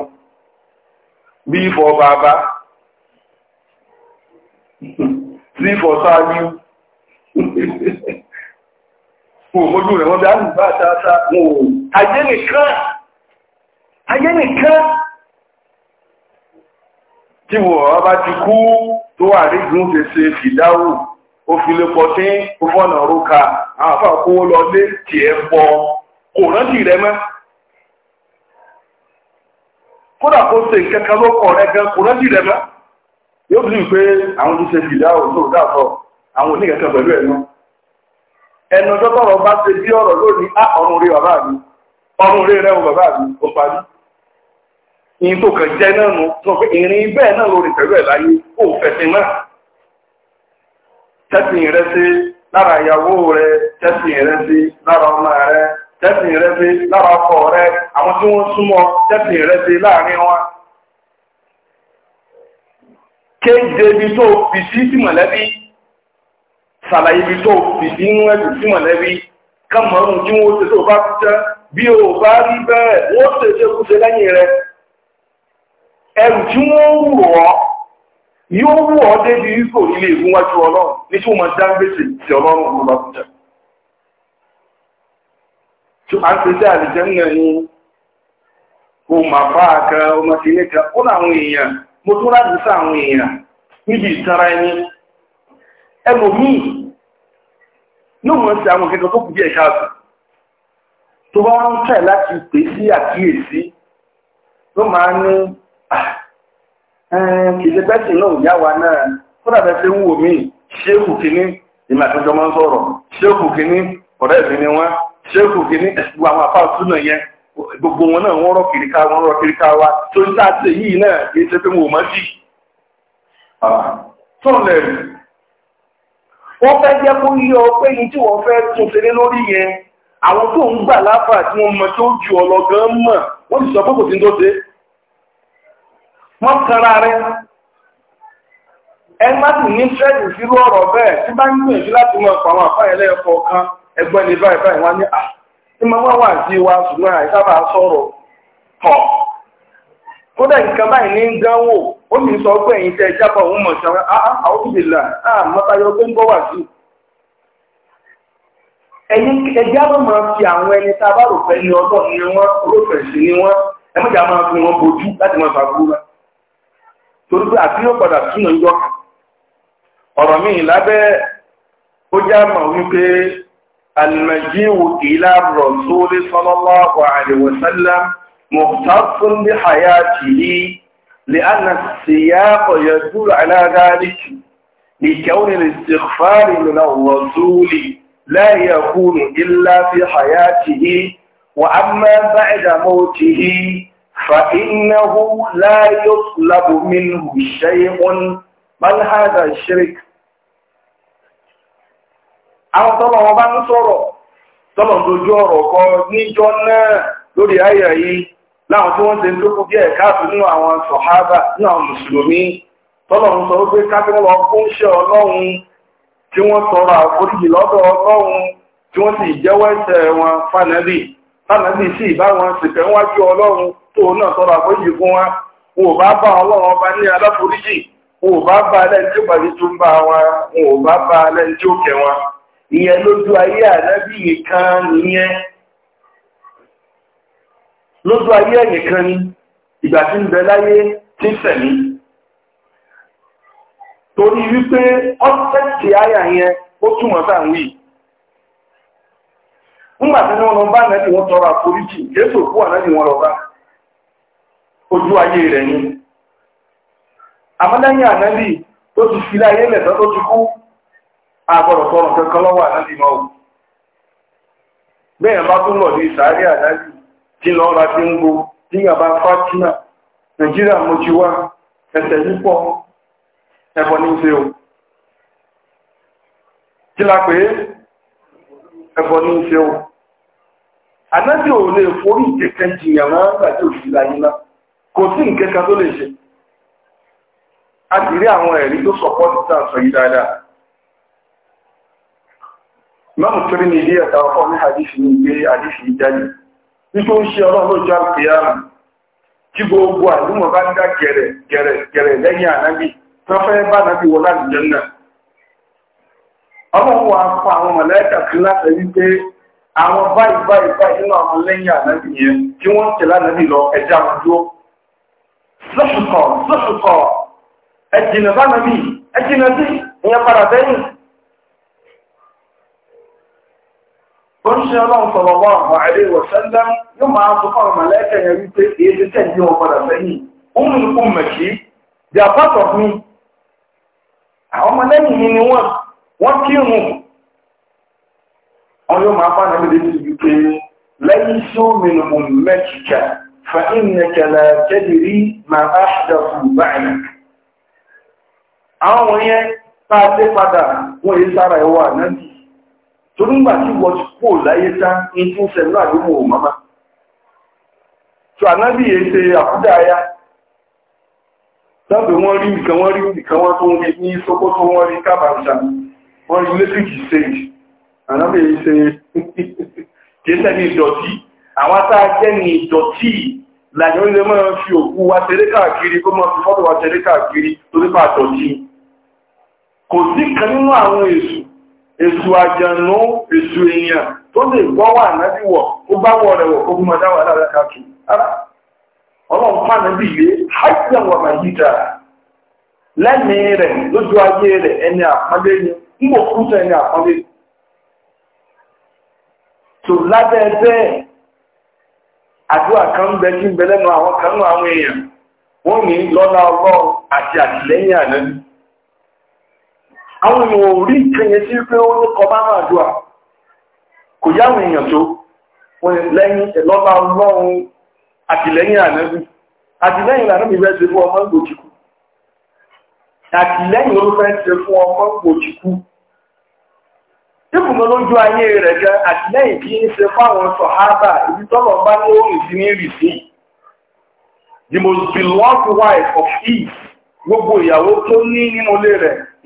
bí ìfọ̀ bàbá sí [LAUGHS] ìfọ̀ [LAUGHS] wọn ò mójú rẹ̀ wọ́n bí alùbá àtàtà wọn ò ayé nìkan ayé nìkan tí wọ́n ọ̀rọ̀ bá ti kú tó wà rí gún fèsè fìdáwò ó fi lè pọ̀ sí fọ́nà òrùka àwọn afá kówó lọ lé tiẹ̀ pọ̀ kò rántí rẹ mọ́ kódà kó ṣe nǹkan ló kọ̀ rẹ gan kò rántí rẹ mọ́ yóò bí pé àwọn ti ṣe fìdáwò tó dáàtọ̀ àwọn oníkẹ̀kẹ́ pẹ̀lú ẹ̀ ẹnu ọjọ́ tọrọ bá ṣe bí ọ̀rọ̀ lónìí á ọrùn rẹ bàbá mi ọrùn rẹ rẹ bàbá mi ó parí ìyìn tó kàn jẹ náà nù sọ pé ìrìn bẹ́ẹ̀ náà lórí pẹ̀lú ẹ̀ láyé ó fẹ̀sìn náà tẹ́sìn rẹ sí lára ìyàwó rẹ tẹ́sìn rẹ sí lára ọmọ rẹ tẹ́sìn rẹ sí lára ọkọ rẹ àwọn tí wọ́n súnmọ́ tẹ́sìn rẹ sí láàrin kéde tó fi sí sí mọ̀lẹ́bí ṣàlàyé ibi tó fìdí inú ẹ̀dùn sí mọ̀lẹ́bí kámọ̀rún tí wọ́n ṣe tó bá kú bí o bá rí bẹ́ẹ̀ wọ́n ṣe ṣe kú lẹ́yìn ẹrù tí wọ́n wù ọ́ yóò wù ọ́ débi ilé wájú ọlọ́run ní tí wọ́n máa dá gbèsè sí ọlọ́run bá ń ṣe sí yóò mọ̀ sí àwọn kẹ́kọ̀ọ́ tó kù díẹ̀ káàtó tó bá wọ́n ń tẹ̀ láti pè sí àkíyèsí ló máa ní ah, kìí pẹ́sì náà yá wa náà tó dàbẹ́ sí wò mí ṣéèkù kìíní ìmọ̀ àtúnjọ máa ń sọ̀rọ̀ ṣéèkù kìíní ọ̀rẹ́ mi ni wọ́n ṣéèkù kìíní ẹ̀sùn àwọn apá òtún náà yẹn gbogbo wọn náà wọ́n rọ̀ kìríkà wọ́n rọ̀ kìríkà wa tó ń tà sí yìí náà kìí ṣe pé wò mọ́ sí. wọ́n fẹ́ jẹ́ kó yí ọ pé tí wọ́n fẹ́ tún lórí yẹn àwọn tó ń gbà láfà tí wọ́n mọ̀ tó ju ọlọ́gán mọ̀ wọ́n sì sọ pé wọ́n tara rẹ ẹ má sì ní fẹ́ẹ̀dì sírú ọ̀rọ̀ bẹ́ẹ̀ tí bá ń gbìyànjú láti mọ ọ̀pọ̀ àwọn àfáà ẹlẹ́ẹ̀kọ́ kan ní báyìí báyìí ah, wá ní à wà kódà nǹkan báyìí ní gánwò ó sì sọ pé ẹ̀yin tẹ́ òun mọ̀ sọ àwọn ah, ah, àmọ́tayọ ah, pé ń bọ́ wà sí. ẹ̀yin ẹja ló máa fi àwọn ẹni tá a bá rò pé ní ọgbọ́n ni wọ́n si ni wọ́n ẹ̀mọ́jà máa fi wọn bojú láti àti yóò padà túnà ọ̀rọ̀ mi lábẹ́ ó مختص بحياته لأن السياق يدل على ذلك لكون الاستغفار من الرسول لا يكون إلا في حياته وأما بعد موته فإنه لا يطلب منه شيء بل هذا الشرك àwọn tọ́lọ̀ wọn bá ń sọ̀rọ̀ tọ́lọ̀ lójú ọ̀rọ̀ kan níjọ́ náà lórí ayà yìí láwọn tí wọ́n ti ń dókò bí ẹ̀ká àtúnú àwọn sọ̀hábà ní àwọn mùsùlùmí tọ́lọ̀run sọ wípé kápẹ́lọ fúnṣẹ́ ọlọ́run tí wọ́n tọrọ àforíjì lọ́dọ̀ ọlọ́run tí wọ́n sì jẹ́wọ́ ẹ̀ṣẹ̀ wọn fánàbì fánàbì sì bá wọn ṣìkẹ́ wájú ọlọ́run tó náà tọrọ àforíjì fún wa wọn ò bá bá ọlọ́run ọba ní aláforíjì wọn ò bá bá alẹ́ni tí ó pàdé tó ń bá wọn wọn ò bá bá alẹ́ni tí ó kẹ wọn ìyẹn lójú ayé ànábì nìkan nìyẹn lójú ayé ẹ̀yìn kan ni ìgbà tí ń bẹ láyé tí ń sẹ̀mí torí wípé ọ́sẹ̀tì àyà yẹn ó túmọ̀ sáà ń wí ńgbà tí wọ́n lọ bá nẹ́bí wọn tọrọ àforíjì jésù kú ànẹ́bí wọn lọ bá ojú ayé rẹ̀ ni àmọ́lẹ́yìn ànẹ́bí tó ti fi láyé lẹ̀tọ́ tó ti kú àgbọ̀dọ̀ tọrọ kankan lọ́wọ́ ànẹ́bí náà bẹ́ẹ̀ bá tún lọ ní sàárẹ̀ ànẹ́bí tí lọ ra tí ń gbo tí yàbá fátímà nàìjíríà mo ti wá ẹ̀sẹ̀ yípọ̀ ẹ̀bọ̀ ní ṣe o kí la pé ẹ̀bọ̀ ní ṣe o anábì ò lè forí ìkẹkẹ jìyàn máa ń gbàdé òṣìlá yìí náà kò sí ìkẹkẹ tó lè ṣe a sì rí àwọn ẹ̀rí tó sọ̀pọ̀ títà sọ yìí dáadáa mọ́mù torí ní ilé ẹ̀ta ọkọ̀ ní àdíṣì ní gbé àdíṣì ìjáde nígbà ó ṣe ọlọ́run lójú àpìyàmù kí gbogbo àdúmọ̀ bá ń dá gẹ̀rẹ̀ lẹ́yìn ànábì tó bá ànábì wọ láti jẹ́ náà ọlọ́run wa fún àwọn mọ̀lẹ́kà sí láti rí pé àwọn báyìí báyìí báyìí nínú àwọn lẹ́yìn ànábì yẹn wọ́n lọ ẹja ẹ̀jìnà bá ẹ̀jìnà sí ìyẹn padà bẹ́yìn òṣìṣẹ́ ọlọ́run sọ̀rọ̀ wọ́n àwọn àrẹ ìwọ̀sẹ́lẹ́ yóò máa sọ fún ọmọ lẹ́kẹ̀ẹ́ yẹn wípé èyí ti tẹ̀ ní ọmọ rẹ̀ sẹ́yìn òun ní kò mẹ̀kí di àpapọ̀ fún mi àwọn ọmọ lẹ́yìn mi ni wọ́n wọ́n kírun wọn yóò ti torí ńgbà tí wọ́n ti kó láyé tán ní tí ń sẹ́nu àdúgbò mọ́mọ́ tó ànábì yìí ṣe àkúdà ayá lábẹ̀ wọ́n rí nǹkan wọ́n rí nǹkan wọ́n tó ń rí ní Sókótó wọ́n rí kábàáṣà wọ́n rí lẹ́sìkì stage ànábì yìí ṣe [LAUGHS] kìí sẹ́ni ìdọ̀tí àwọn tá a jẹ́ ní ìdọ̀tí làyọ̀ ilé máa fi òkú wa tẹ̀lé káàkiri kó máa fi fọ́tò wa tẹ̀lé káàkiri torí pa àdọ̀tí kò sí kan nínú èsù àjànú èsù èèyàn tó lè gbọ́ wà náàbí wọ̀ ó bá wọ̀ rẹ̀ wọ̀ ogun ọjá wà lára ara ọlọ́run pàánà bí ilé hajjá wà máa yí dára lẹ́mí rẹ̀ lójú ayé rẹ̀ ẹni àpọ́lé ni mbò kúta ẹni àpọ́lé lábẹ́ bẹ́ẹ̀ àdúrà kan bẹ kí n bẹ lẹ́nu àwọn kan nù àwọn èèyàn wọ́n ní lọ́lá ọlọ́run àwọn èèyàn ò rí ìkẹyẹ sí pé ó ní náà jù à kò yá àwọn èèyàn tó wọn lẹ́yìn ẹlọba Ọlọ́run àtìlẹ́yìn ànábì àtìlẹ́yìn ṣe fún ọmọ ìgbòjìkú àtìlẹ́yìn ló ṣe fún ọmọ ìgbòjìkú tíkùnmọ́ lójú ayé rẹ̀ jẹ́ àtìlẹ́yìn kí ń ṣe ibi tọ́lọ̀ bá ní the most beloved wife of gbogbo ìyàwó tó ní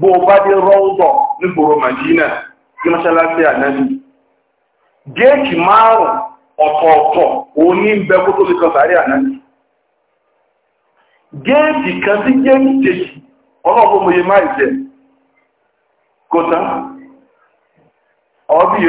bụ ụba dị rọ ụzọ nígboro Madina ní mọ́ṣáláṣí ànábì géètì márùn ọ̀tọ̀ọ̀tọ̀ òní ń bẹ kó tó kan sáré ànábì géètì kan sí géètì kejì ọlọ́pọ̀ mòye máa jẹ kò tán ọbí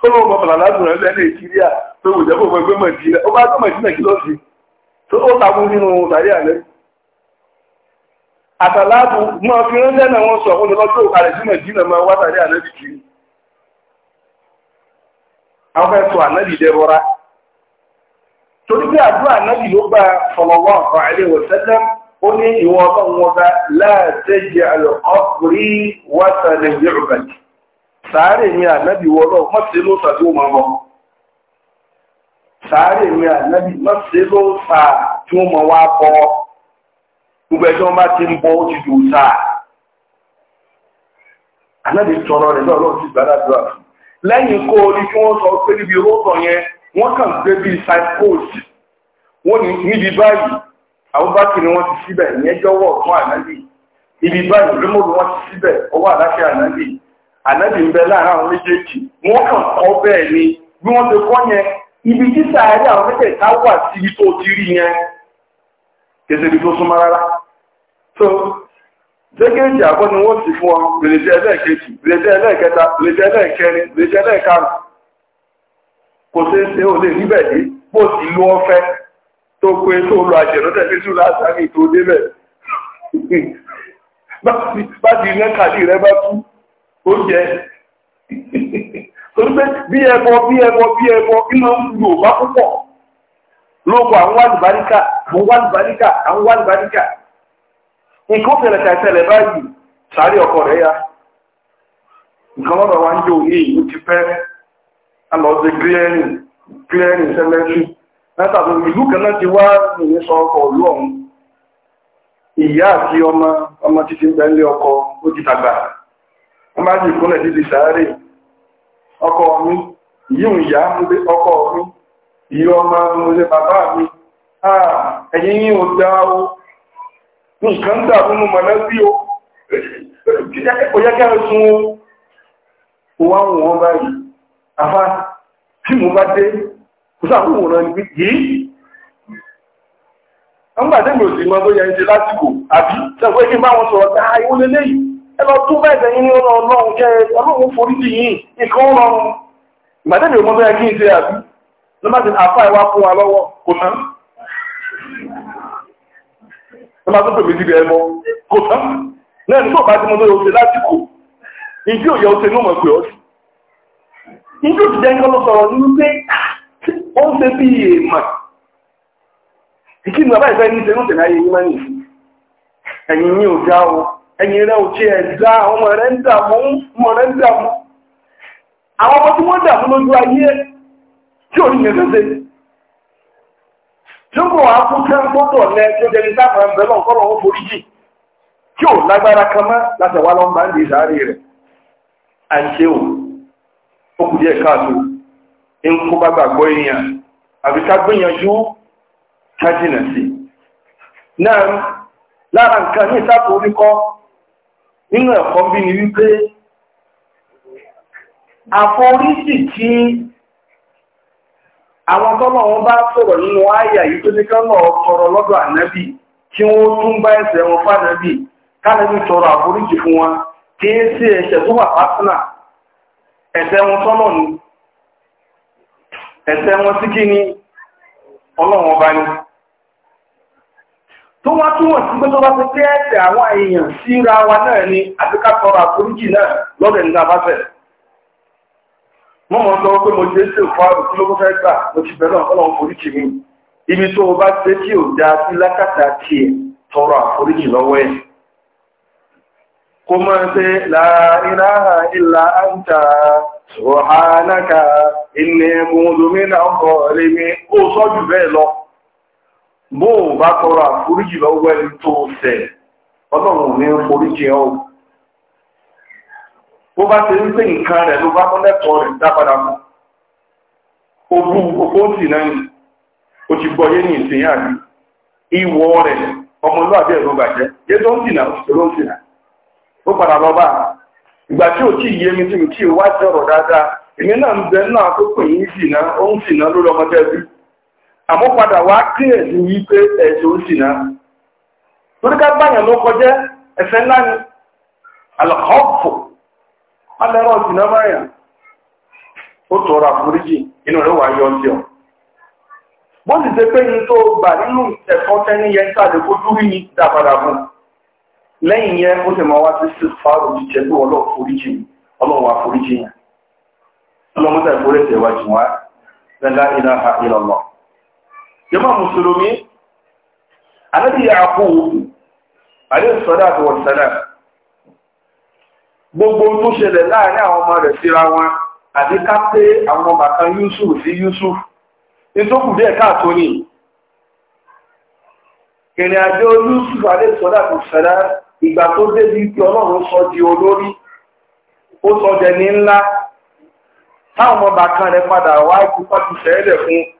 kọ́lọ́ ọmọ bàlá ládùúrà ilẹ̀ nàìjíríà tó wò jẹ́bọ̀ gbẹgbẹ́ mọ̀dínà ó bá gbẹmọ̀ ìdínà kí lọ́sí tó ó takú nínú sàrí àlẹ́ àtàlábù mọ́ fi ránṣẹ́ náà wọ́n sọ fún lọ́jọ́ òkàlẹ̀ sí mọ̀dínà máa wá sàrí àlẹ́ bì kiri àwọn ẹ̀sọ́ ànábì dẹ́bọ́ra torí pé àdúrà ànábì ló gba fọlọ́wọ́ ọ̀rọ̀ àlẹ́ wọ̀sẹ́lẹ́ ó ní ìwọ̀n ọlọ́run ọba láàtẹ́jẹ àlọ́kọ́ rí wàtà lẹ́yìn sàárè mi ànábì wọ́lọ́ mọ́sí ló sàbí ó ànábì mọ́sí ló sà tí wá bọ́ gbogbo ẹjọ́ bá ti ń bọ́ ti dùn sà ànábì tọrọ rẹ̀ lẹ́yìn kó o ní kí wọ́n sọ pé níbi yẹn wọ́n kàn gbé bíi wọ́n ní níbi báyìí àwọn bá kiri ti síbẹ̀ ìyẹn fún ànábì ibi báyìí ti síbẹ̀ ọwọ́ ànábì ànábì ń bẹ láàárín àwọn méjèèjì wọ́n kàn kọ́ bẹ́ẹ̀ ni bí wọ́n ti kọ́ yẹn ibi tí sàárì àwọn mẹ́tẹ̀ẹ̀ta wà sí ibi tó ti rí yẹn kèsè ibi tó súnmọ́ rárá so sékèjì àbọ̀ ni wọ́n sì fún ọ gbèlèjẹ́ ẹlẹ́ẹ̀kejì gbèlèjẹ́ ẹlẹ́ẹ̀kẹta gbèlèjẹ́ ẹlẹ́ẹ̀kẹrin gbèlèjẹ́ ẹlẹ́ẹ̀karùn kò ṣeé ṣe ò lè rí bẹ́ẹ̀ dé bó ti lo ọ̀fẹ́ tó pé tó lo àjẹ̀rọ̀ tẹ̀lé tó lásán ní ìtò bá ti nẹ́kàdí rẹ bá tú oúnjẹ torí pé bí ẹbọ bí ẹbọ bí ẹbọ iná ń lu òbá púpọ̀ lóko àwọn wàlùbáríkà àwọn wàlùbáríkà àwọn wàlùbáríkà nǹkan fẹ̀rẹ̀ kàìsẹ̀lẹ̀ báyìí sáré ọkọ rẹ̀ ya nǹkan lọ́dọ̀ wa ń jò yìí ó ti pẹ́ alọ́ọ̀dẹ clearing clearing cemetery látàbí ìlú kan náà ti wá nìyẹn sọ ọkọ̀ òlú ọ̀hún ìyá àti ọmọ ọmọ títí ń bẹ́ńlé ọkọ ó ti tàgbà wọ́n bá jì kúnlẹ̀ dídì sáré ọkọ mi yíò ìyá mú lé ọkọ mi ìyọ ọmọ mú lé bàbá mi ẹ̀yìn yìí ò dá o nǹkan dà fún mọ̀ mọ̀lẹ́ sí o kò sun o wá wù wọ́n báyìí àfá tí mo bá dé kò sáàkùn wòrán ní yìí wọ́n gbà tẹ́gbẹ̀ òsì mọ́ bóyá ń ṣe lásìkò àbí tẹ́gbẹ́ kí n bá wọn sọ̀rọ̀ dáa ìwọ́lélẹ́yìí ẹlọ tó bẹ́ẹ̀gẹ̀ yín ní ọ̀nà ọlọ́run jẹ́ ọlọ́run forí jì yín nǹkan ó rọrùn ìgbàdébì ọmọ bẹ́ẹ̀ kí n ṣe àbí lọ́mọdé àfà ìwà fún wa lọ́wọ́ kò tán lọ́mọdé tó tòmí síbi ẹ̀mọ́ kò tán lẹ́yìn tó bá ti mọ́ lórí oṣù lásìkò ìdí òye oṣù inú mọ̀ pé ọ́ ìdí òṣù jẹ́ ńkọ́ ló ní wípé ó ń ṣe bí èèmà ìkí ni bàbá ìfẹ́ ní ṣe ń tẹ̀lé ayé yìí ẹ̀yìn ẹ̀yìn rẹ̀ ò tí ẹ̀ dá ọmọ rẹ̀ ń dàmú ọmọ rẹ̀ ń dàmú àwọn ọmọ tí wọ́n dàmú lójú ayé tí ò ní yẹn tẹ́tẹ́ tí ó kọ̀ wá kú kẹ́ ń gbọ́dọ̀ lẹ tí ó jẹ́ ní sáfà ń bẹ̀rẹ̀ ọ̀kọ́rọ̀ ó forí jì tí ò lágbára kan mọ́ láti wá lọ́n bá ń di ìsáré rẹ̀ à ń ṣe ò ó kù díẹ̀ káàtó ń kó bá gbàgbọ́ èèyàn àbí ká gbìyànjú ká jìnà sí náà lára nǹkan ní ìsáfà orí nínú ẹ̀kọ́ bí ni wípé àforíjì tí àwọn tọ́lọ̀ wọn bá sọ̀rọ̀ nínú àyà yìí tó ní kánà tọrọ lọ́dọ̀ ànábì tí wọ́n tún bá ẹsẹ̀ wọn fánàbì kánàbì tọrọ àforíjì fún wọn kí é sí ẹ̀ṣẹ̀ tó wà pásínà ẹsẹ̀ wọn tọ́lọ̀ ni ẹsẹ̀ wọn sí kí ni ọlọ́wọ́n bá ní tó wá túnmọ̀ sí pé tó wa náà ni àti tọrọ àforíjì náà lọ́dọ̀ nígbà bá fẹ̀. sọ pé mo ṣe é ṣe òfò àrùn tí ló fẹ́ gbà mo ti bẹ̀rẹ̀ o bá ṣe tí ò tọrọ àforíjì lọ́wọ́ ẹ̀. kó máa ṣe la ilaha illa anta subhanaka inni kuntu kó o sọ́jú mo o bá tọrọ àforíjì lọ́wọ́ ẹni tó o ṣẹ̀ ọlọ́run ní foríjì ọ́ bó bá ti ń pè nǹkan rẹ̀ ló bá mọ́ lẹ́tọ̀ọ́ rẹ̀ dápadà mọ́ o bú náà ni o ti gbọ́ yé ní ìsìn àbí ìwọ rẹ̀ ọmọlúwàbí ẹ̀rọ bàjẹ́ yé tó ń dìnà ó padà lọ bá ìgbà tí ò tí ì yé mi àmúpadà wá kíyèsí wípé ẹ̀ṣẹ̀ ó sì náà torí ká báyàn ló kọjẹ́ ẹ̀ṣẹ̀ ńlá ni alhọ́pù alẹ́rọ̀ sí náà báyàn ó tọrọ àforíjì inú rẹ̀ wà yọ sí ọ bó sì ṣe pé ní tó gbà nínú yẹn kó dúrí ní fún lẹ́yìn yẹn ó sì máa wá sí sí fáàrù jíjẹ pé àforíjì yẹn ọlọ́mọdé wá jàmá mùsùlùmí anábì Yaqub alayhi salatu wa salam gbogbo tó ṣẹlẹ̀ láàrin àwọn ọmọ rẹ̀ síra wọn àti ká pé àwọn ọmọ kan Yusuf sí Yusuf nítòkù díẹ̀ káàtó ni ìrìn àjò Yusuf alayhi salatu wa salam ìgbà tó débi pé Ọlọ́run sọ di olórí ó sọ jẹ ní ńlá táwọn ọmọ bàkan rẹ̀ padà wá ikú pàtó sẹ́ẹ̀lẹ̀ fún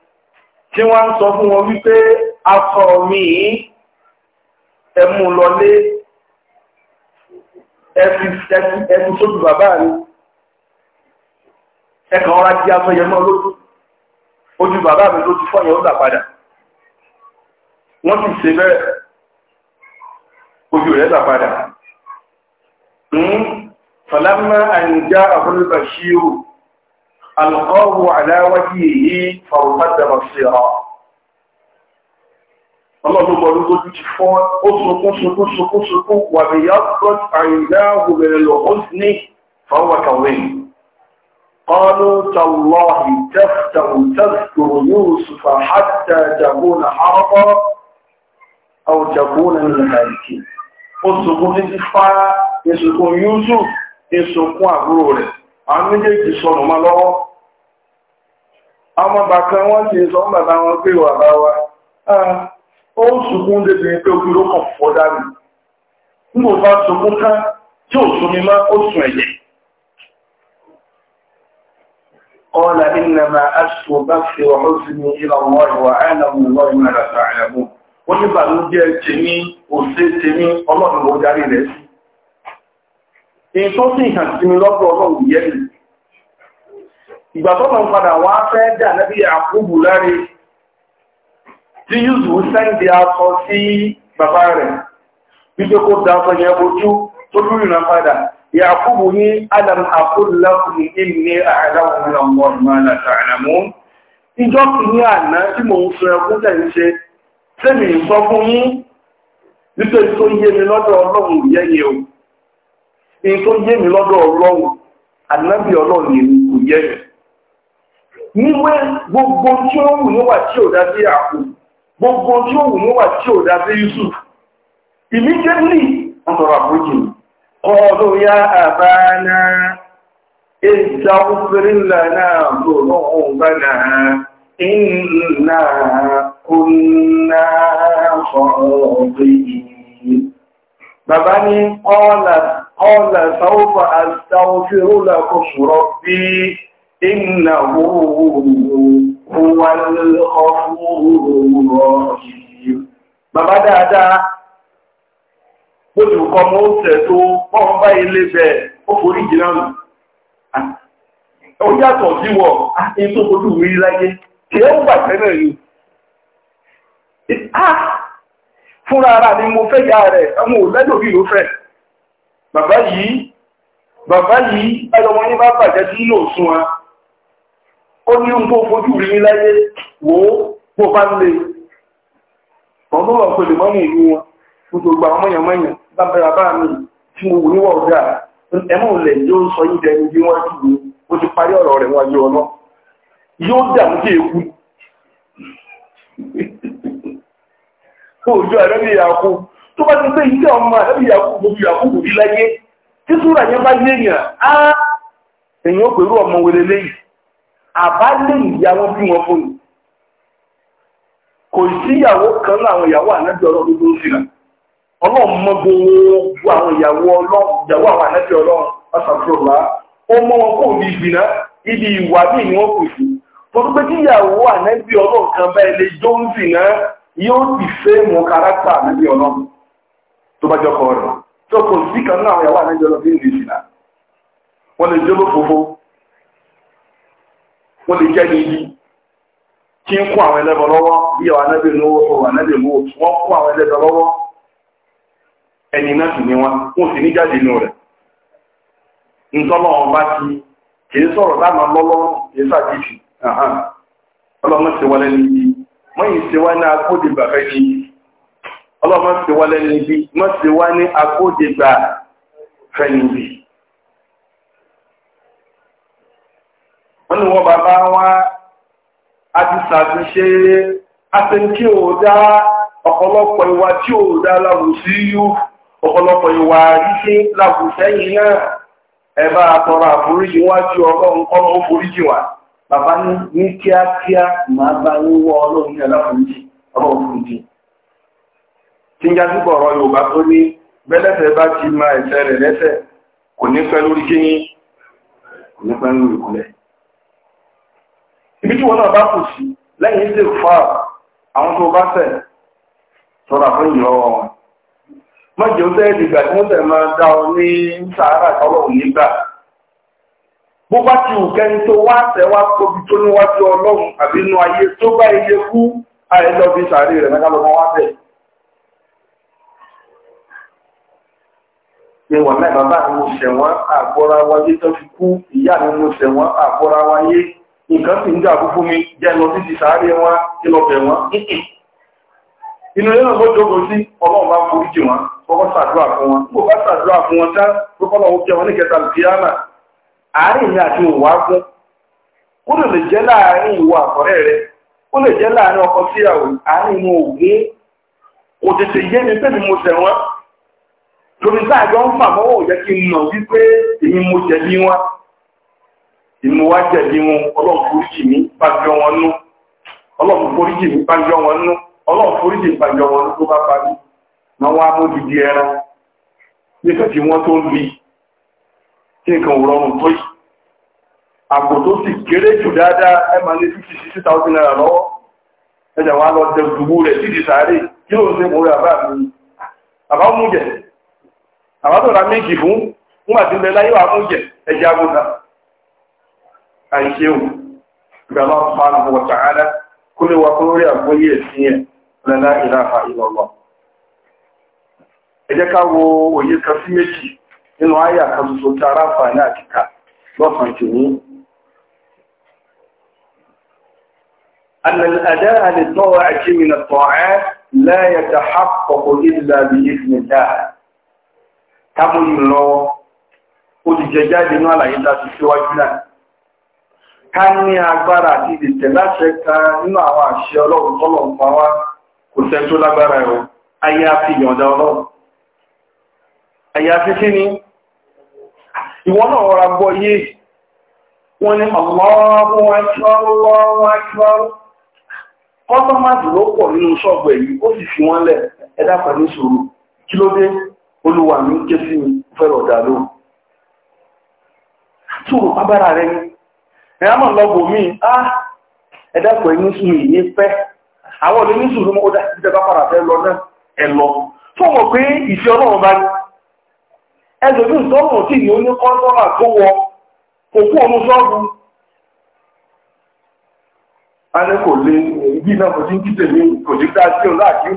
tí wọ́n ń sọ fún wọn wípé aṣọ mi ẹmú lọlé ẹfù sójú bàbá rí ẹkàn ọ̀rá jí aṣọ yẹn náà lójú ojú bàbá mi ló ti fọ́yẹ̀ ó dà padà wọ́n ti ṣe bẹ́ẹ̀ ojú rẹ̀ dà padà fọlámà àyíjá àfọlùbà ṣíò ألقاه على وجهه فرمد بصيرا الله مبارك تفون أسرق أسرق أسرق أسرق وبيضت عيناه من الحزن فهو كظيم قالوا تالله تفتر تذكر يوسف حتى تكون حرقا أو تكون من الهالكين أسرق تفون أسرق يوسف أسرق أبرور عن مجد صنع الله àwọn bàkà wọ́n ti sọ bàbá wọn pé wà bá wa ah, ó sùkún débi pé ojú ló kàn fọ́ dànù n kò bá sùkún ká tí ò sún mi má ó sùn ẹ̀jẹ̀ قال إنما أشكو بثي وحزني إلى الله وأعلم الله ما لا تعلمون oníbànújẹ́ tèmi òṣè tèmi ọlọ́run ló darí rẹ̀ sí. èyí tó sì hàn sí mi lọ́pọ̀ ọlọ́run yẹ́ mi ìgbà tó máa ń padà wá fẹ́ dà níbi àkúbù láre tí yúzù sẹ́ndì aṣọ sí bàbá rẹ̀ wípé kó da aṣọ yẹn tó dúró ìrìnà padà yàkúbù ní adam akúlákùn ilé àdáwọn ọmọ ọmọ àlàmú ìjọ kìíní àná tí mò ń sọ ẹkún tẹ̀ ń ṣe sẹ́mi sọ fún yín nítorí tó yé mi lọ́dọ̀ ọlọ́run yẹ́yẹ o èyí tó yé mi lọ́dọ̀ ọlọ́run ànábì ọlọ́run níwé gbogbo tí ó wù níwà tí ò dá sí àpò gbogbo tí ó wù níwà tí ò dá sí Yusuf immediately wọ́n tọrọ àpòjì ya àbáná na òfin lànà lòrò òǹbànà ìnà na ọ̀rọ̀ Bàbá ní ọ̀là sáwọ́fà àti sáwọ́fà rúlà kò ṣùrọ̀ Inna هو الغفور الرحيم bàbá dáadáa bójúkọ mọ́ tẹ̀ tó pọ́n bá ilé bẹ̀ ó forí jìnà nù ó yàtọ̀ sí wọ̀ àti tó fojú mi láyé kí ó bà tẹ́lẹ̀ rí ah! fúnra ara ni mo fẹ́ yà rẹ̀ ọmọ òlẹ́dò bí ló fẹ́ bàbá yìí bàbá yìí ẹlọmọ ní bá bàjẹ́ sí inú òsùn wa onye nkwọ ụfọdụ kó fojú rí láyé wò ó kó bá ń lè wọn bó wọn pèlè mọ́mù ìlú wọn gbogbo gba ọmọ yẹn mọ́yàn bá bẹ̀rẹ̀ bá mi tí mo wù níwọ̀ ọ̀dà ẹ̀mú lẹ̀ yóò sọ yí dẹni ti parí yóò tó bá ti àbálẹ̀ ìyàwó bí wọn fún mi kò síyàwó kan láwọn ìyàwó ànájọ ọlọ́run tó ń fi hàn ọlọ́run mọ gbogbo àwọn ìyàwó ọlọ́run ìyàwó àwọn ànájọ wọn ibi ìwà ni kò sí torí pé kíyàwó kan bẹ́ẹ̀ lè jó ń yóò ti fẹ́ mọ ọlọ́run tó bá jọ tó kò sí kan ìyàwó ọlọ́run tó ń wọn wọ́n lè jẹ́ ní ibi kí ń àwọn ẹlẹ́bọ lọ́wọ́ bí àwọn anábì lówó ọ̀rọ̀ anábì lówó wọ́n kún àwọn ẹlẹ́bọ lọ́wọ́ ẹni náà sì ni wọn kún sì ní jáde nù rẹ̀ ntọ́lọ́ bá ti kìí sọ̀rọ̀ lánàá lọ́lọ́rùn kìí sàkíyèsí ọlọ́mọ ti wọlé ní wá ní akódìgbà fẹ́ ọlọ́mọ wọlé ń wọ bàbá wa a ti ṣàtúnṣe asẹ́ńkí ò dá ọ̀pọ̀lọpọ̀ ìwà tí ò dá láwùsí yú ọ̀pọ̀lọpọ̀ ìwà àríṣe láwùsẹ́yìn náà ẹ bá tọrọ àforíjì wájú ọlọ́run kọ́ ló foríjì wá bàbá ní kíákíá màá bá ń wọ ọlọ́run ní aláforíjì ọlọ́run foríjì tí ń jájú bọ̀ ọ̀rọ̀ yorùbá ti máa ẹ̀sẹ̀ rẹ̀ lẹ́sẹ̀ kò ní pẹ́ lórí kíní kò ní pẹ́ lórí kulẹ̀ ibi wọn náà bá kù sí lẹ́yìn fà àwọn tó bá tọrọ àfẹyìn lọ́wọ́ wọn mọjọ tẹ ìdìgbà tí wọn tẹ máa dá ọ ní nígbà bó bá ti wù kẹ́ni tó wá tẹ wá tóbi tó níwájú Ọlọ́run àbí inú ayé tó bá iye kú àìlọ bí sàárè rẹ lọmọ wá nǹkan sì ń jà fúnfún mi jẹ́ lọ sí ti sàárè wọn kí lọ bẹ̀ wọn inú ilé náà ló jókòó sí ọlọ́run bá forí jì wọn kọ́kọ́ ṣàdúrà fún wọn nígbà bá ṣàdúrà fún wọn tán ló kọ́ lọ́wọ́ kí ní kẹta lùkìyàmà àárín ìyá àti òwà le ó lè jẹ́ láàárín ìwọ àkọ́rẹ́ rẹ ó lè jẹ́ láàárín mi mi mo tẹ̀ wọ́n lórí sáà jọ ń fà mọ́wọ́ kí n mo wọn inú wa jẹ̀bi wọn ọlọ́run foríjì mi bá jọ wọn nú ọlọ́run foríjì mi bá jọ wọn nú ọlọ́run foríjì mi bá jọ wọn nú tó bá parí máa wá mójúdi ẹran nígbà tí wọ́n tó ń bi tí nǹkan ò rọrùn tó yìí àpò tó sì kéré jù dáadáa ẹ máa ní fifty sixty thousand naira lọ́wọ́ ẹjà wa lọ dẹ dùgbò rẹ̀ sídìí sáré kí ló ń ṣe mọ́ àbá mi àbá mú jẹ àbá tó ra méjì fún nígbà tí ń bẹ láyé wà mú jẹ ẹjẹ agbóta. àìṣeun gbàlọ́ subhanahu wa ta'ala kó lè wà kó lórí àgbóyè ẹ̀sìn ẹ̀ lẹ́lá ìlàhà ìlọ́lọ́ ẹ jẹ́ ká wo òye kan sí méjì nínú àyà kan tuntun tí ara fà ní àkíkà lọ́sàn-án jù ní أن الأداء للطاعة من الطاعات لا يتحقق إلا بإذن الله كم الله قد جاء لنا على إذا سوى جنان ká ní agbára àti ìdìtẹ̀ láṣẹ ká nínú àwọn àṣẹ ọlọ́run tọ́lọ̀ ń pa wá kò sẹ́ tó lágbára ẹ̀rọ ayé àfi ìyọ̀ǹda ọlọ́run ayé àfi kí ni ìwọ náà rọra gbọ́ yé wọ́n ní Allahu Akbar Allahu Akbar kọ́tọ́mátì ló pọ̀ nínú ṣọ́ọ̀bù ẹ̀yí ó sì fi wọ́n lẹ̀ ẹ̀dá pẹ̀lú ìṣòro kí ló dé olúwa mi ké sí mi fẹ́rọ̀ dà lóhùn ẹ̀yàmọ̀ lọ́gbò mí ah ẹ̀dàpọ̀ ẹ̀yìn sùn ní fẹ́ àwọn olè ní sùúrù mọ́ ọdá bá padà fẹ́ lọ náà ẹ̀lọ fún pé ìfẹ́ ọlọ́run bá ní ẹlòmí ìtọ́nà tí ìyẹn oní ibi náà kò sí kò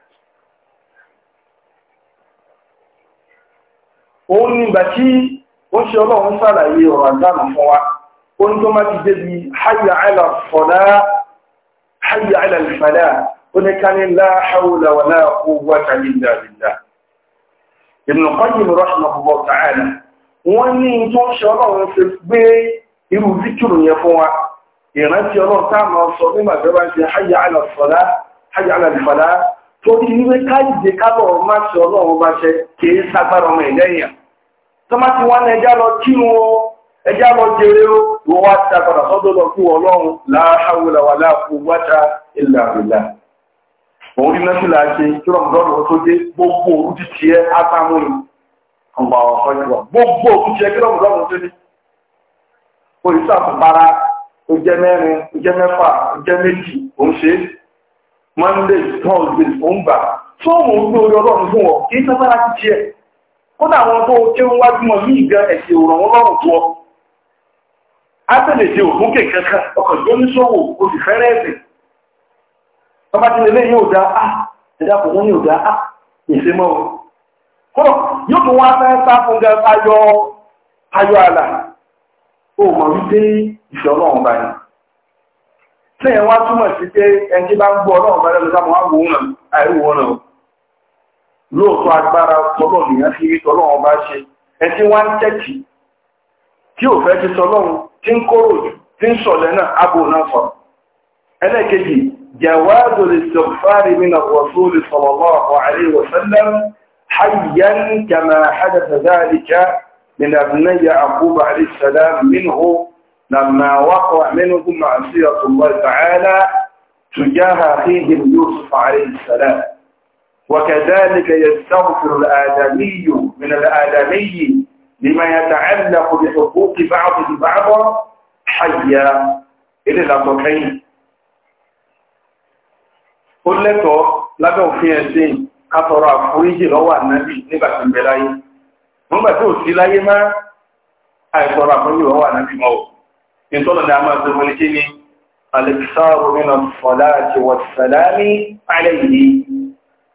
òun nígbà tí ó ṣe ọlọ́run sàlàyé ọ̀rọ̀ àdánù fún wa ó ní tó má ti débi hayya ala sọ̀dá hayya ala ìfàdá ó ní ká ní la hawla wala quwwata illa billah Ibn Qayyim rahimahullah ta'ala wọ́n ní tó ń ṣe ọlọ́run fi gbé irú zikiru yẹn fún wa ìrántí ọlọ́run tá a máa sọ nígbà tó bá ń ṣe hayya ala sọ̀dá torí wípé káyìdé kábọ̀ máa ṣe ọlọ́run bá ṣe kìí sagbára ọmọ ìlẹ́yìn tọ́mátì wọn ẹja lọ kírun o ẹja lọ jèrè o ìwọ wá ti àpàdà sọ́dọ̀ lọ kú ọlọ́run la hawla wala quwwata illa billah òun rí mẹ́fìlà ṣe kí rọ̀mùdọ́dọ̀ tó dé gbogbo òru ti tiẹ́ átámú ni ọmọ àwọn ọ̀sán yìí wà gbogbo òru tiẹ́ kí rọ̀mùdọ́dọ̀ tó dé polisi àkùnbára ó jẹ́ mẹ́rin ó jẹ́ mẹ́fà ó jẹ́ méjì ó ṣe monday thursday ó gbà fóònù gbé orí ọlọ́run fún ọ kì í sábàrà ti tiẹ̀ kódà àwọn tó ké ń wájú mọ̀ ní ìgbà ẹ̀sìn òràn wọn lọ́rùn tó ọ. Átẹ̀lẹ̀ ṣe òkú kékeré ọkọ̀ ìjọ oníṣòwò oṣù fẹ́rẹ́ ẹ̀sìn. Bàbá ti lè léyìn òdá á, ah, ẹ̀dá kò wọ́n ní òdá á, ah, ìṣe mọ́. Kọ́dọ̀ yóò tún wá fẹ́ sá fún gan ayọ̀ ayọ̀ àlà. Ó mọ̀ wípé ìṣẹ́ ọlọ́run bá yẹn. Ṣé ẹ̀ wá túmọ̀ sí pé ẹni tí bá ń gbọ́ ọlọ́run bá lẹ́nu sábà wá wò ó náà, àìwò náà lóòótọ́ agbára tọ́lọ́ nìyàn fi rí tọ́lọ́wọ́n bá ṣe ẹ tí wọ́n ń tẹ̀kì tí ò fẹ́ ti tọ́lọ́wọ́n tí ń kóró jù tí ń sọ̀lẹ̀ náà abo náà fọ̀. ẹlẹ́kejì jawaazu listighfari min ar-rasuli sallallahu alayhi wa sallam hayyan kama hadatha dhalika min abnai yaqub وكذلك يستغفر الآدمي من الآدمي لما يتعلق بحقوق بعض البعض حيا إلى الأطلقين قل لك لكم في الزين قطر أفويج غوى النبي نبات بلاي هم بسوا سلاي ما أي قطر أفويج غوى النبي مو إن طول الدعماء الزمالكين الإكثار من الصلاة والسلام عليه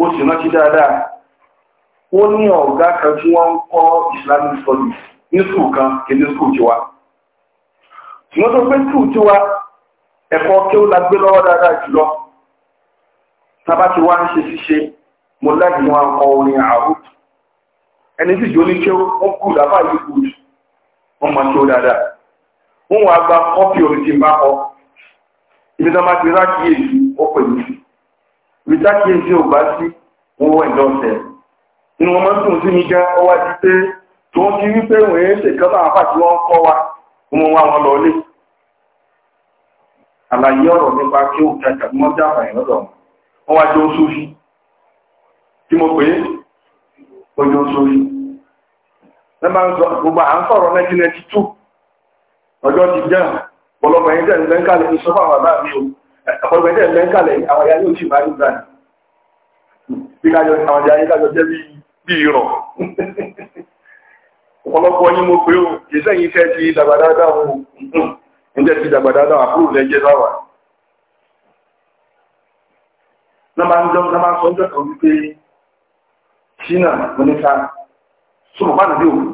mo sì rántí dáadáa ó ní ọ̀gá kan tí wọ́n ń kọ́ Islamic studies ní skul kan kìíní skul tiwa ṣùgbọ́n tó pé skul tiwa ẹ̀kọ́ kí ó la gbé lọ́wọ́ dáadáa jùlọ tábà tí wọ́n á ń ṣe ṣíṣe mo láti wọn kọ orin àrùn ẹni tí ìjọ ní kí wọ́n kú làbá yìí kú wọ́n máa kí ó dáadáa wọ́n wá gba kọ́pì orin tí ń bá kọ ibi tí wọ́n bá ti rákìyèsí ó pè mí ìtàkìyèsí ò bá sí owó ìdọ́sẹ̀ inú wọn tún sí ní jẹ́ ọwá ti pé tó ń ti rí pé wọ́n yẹn ṣe kọ́lá àpá tí wọ́n kọ́ wa mú wa wọn lọ lé àlàyé ọ̀rọ̀ nípa kí ó kẹta bí wọ́n jáfà yẹn lọ́dọ̀ wọn wá jẹ́ oṣù fi tí mo pè é ó jẹ́ oṣù fi lẹ́bàá ń sọ gbogbo à ń sọ̀rọ̀ 1992 ọjọ́ ti jẹ́ ọ̀pọ̀lọpọ̀ yẹn jẹ́ ìgbẹ́ńkàlẹ̀ ìṣọ́fà wà láàrin ọ̀pọ̀lọpọ̀ ẹ̀dẹ̀ lẹ́ńkàlẹ̀ àwọn ìyá yóò sì máa ń gbà bí kájọ àwọn ìyá yìí kájọ jẹ́ bí ìrọ̀ ọ̀pọ̀lọpọ̀ yín mo pé o ìṣẹ́ yìí fẹ́ ti dàgbàdàgbà o ǹjẹ́ ti dàgbàdàgbà àbúrò lẹ́jẹ́ sáwà nọ́mbà ń sọ́jọ́ kan wípé ṣínà mọ́nífà sọ̀rọ̀ bá nàbí òkú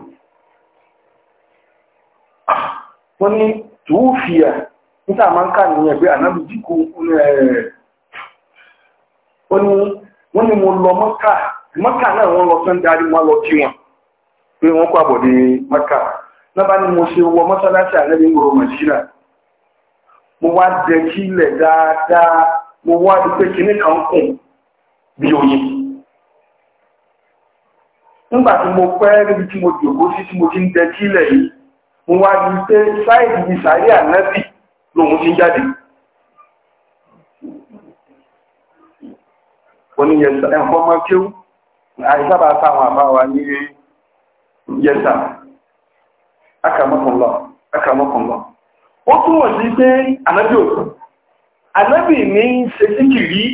wọ́n ní tòófìyà níta máa ń kà nìyẹn pé ànábì díkù ó ní wọ́n ní mo lọ mọ́kà mọ́kà náà wọ́n lọ sán darí wọn lọ kí wọn pé wọ́n kó àbọ̀dé mọ́kà náà bá ní mo ṣe wọ mọ́sálásí ànábì ńgòrò màṣírà mo wá jẹ kí ilẹ̀ dáadáa mo wá di pé kinní kan kùn bí oyin nígbà tí mo pẹ́ níbi tí mo jòkó sí tí mo ti ń jẹ kí ilẹ̀ yìí mo wá di pé sáìdì ìsàrí ànábì lóhun ti ń jáde. wọ́n na ẹ̀fọ́ máa kí ó àìsábà táwọn àbá wa ní yẹsà akàmọ́kànlọ́ akàmọ́kànlọ́ ó túnmọ̀ sí pé ànábì òkú ànábì ní ṣe sí kìrí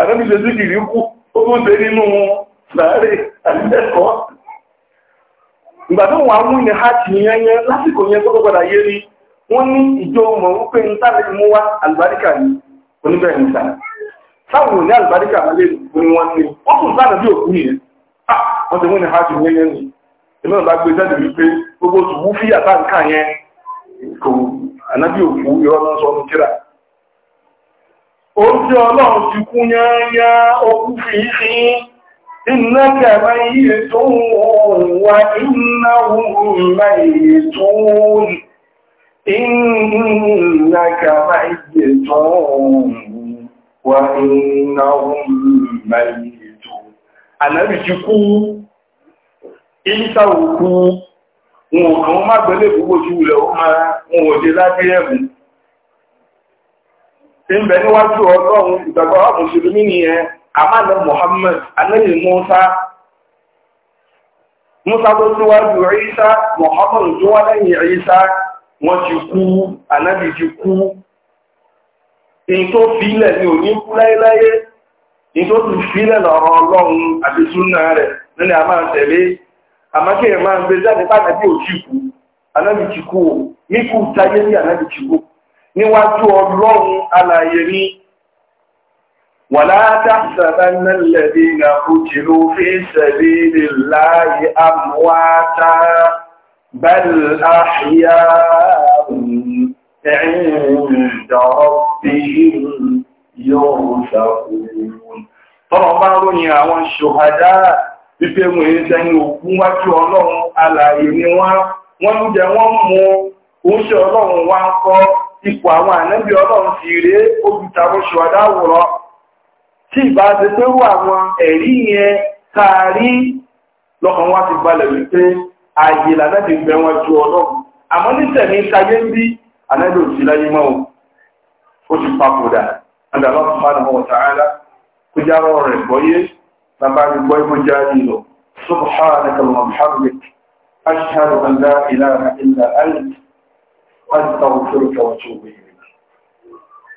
ànábì ṣe sí kìrí kú ó tó mba wa wà mú ha hajj yẹn yẹn lásìkò yẹn tó gbọdọ̀ yé rí wọ́n ní ìjọ mọ̀ wípé ń tàbí mú wá àlùbáríkà ní oníbẹ̀rẹ̀ níta sáwọn òní àlùbáríkà lálẹ́ ní wọ́n ní wọ́n tún sáà bí òkú yẹn à ah, wọ́n ti mú yẹn yẹn gbogbo otu fi àtàǹkà yẹn kò ànábì òkú irọ́ náà sọ nìkíra ọlọ́run ti kú ó fi إنك ميت وإنهم ميتون إنك ميت وإنهم ميتون Ànábì ti kú, ìta òkú, wọn ò má gbẹ́lẹ̀ gbogbo jù lẹ̀ ó máa wọn ò dé lábí ẹ̀mù. Ìbẹ̀ níwájú Ọlọ́run ìgbàgbọ́ àmàlà Muhammad anáyè Musa Musa tó síwájú Isa Muhammad tó wá lẹ́yìn Isa wọ́n ti kú anábì ti kú èyí tó fílẹ̀ ní òní kú láyéláyé èyí tó ti fílẹ̀ lọ́rọ̀ Ọlọ́run àti súnà rẹ̀ nílẹ̀ a máa tẹ̀lé àmákè máa ń gbé jáde bá nàbí òjìkú anábì ti kú o ní kú táyé ní anábì ti kú níwájú Ọlọ́run alàyè ní ولا تحسبن الذين قتلوا في سبيل الله أمواتا بل أحياء عند ربهم يرزقون tọ́rọ bá ròyìn àwọn ṣòhádá wípé wọ́n èyí tẹ́yìn òkú wájú ọlọ́run alààyè ni wọ́n wọ́n ń jẹ wọ́n mú oúnjẹ ọlọ́run wá ń tí ìbá ti pé wà àwọn ẹ̀rí yẹn káàrí lọ́kàn wá ti balẹ̀ wípé ààyè lànàbì bẹ wọn ju ọlọ́run àmọ́ nítẹ̀mí káyé ń bí ànàbì ò sí láyé mọ́ ó ti papòdà àdàlọ́ subhanahu wa ta'ala kó járọ rẹ̀ gbọ́yé bàbá mi gbọ́ ìmọ̀ jáde lọ subhanaka wa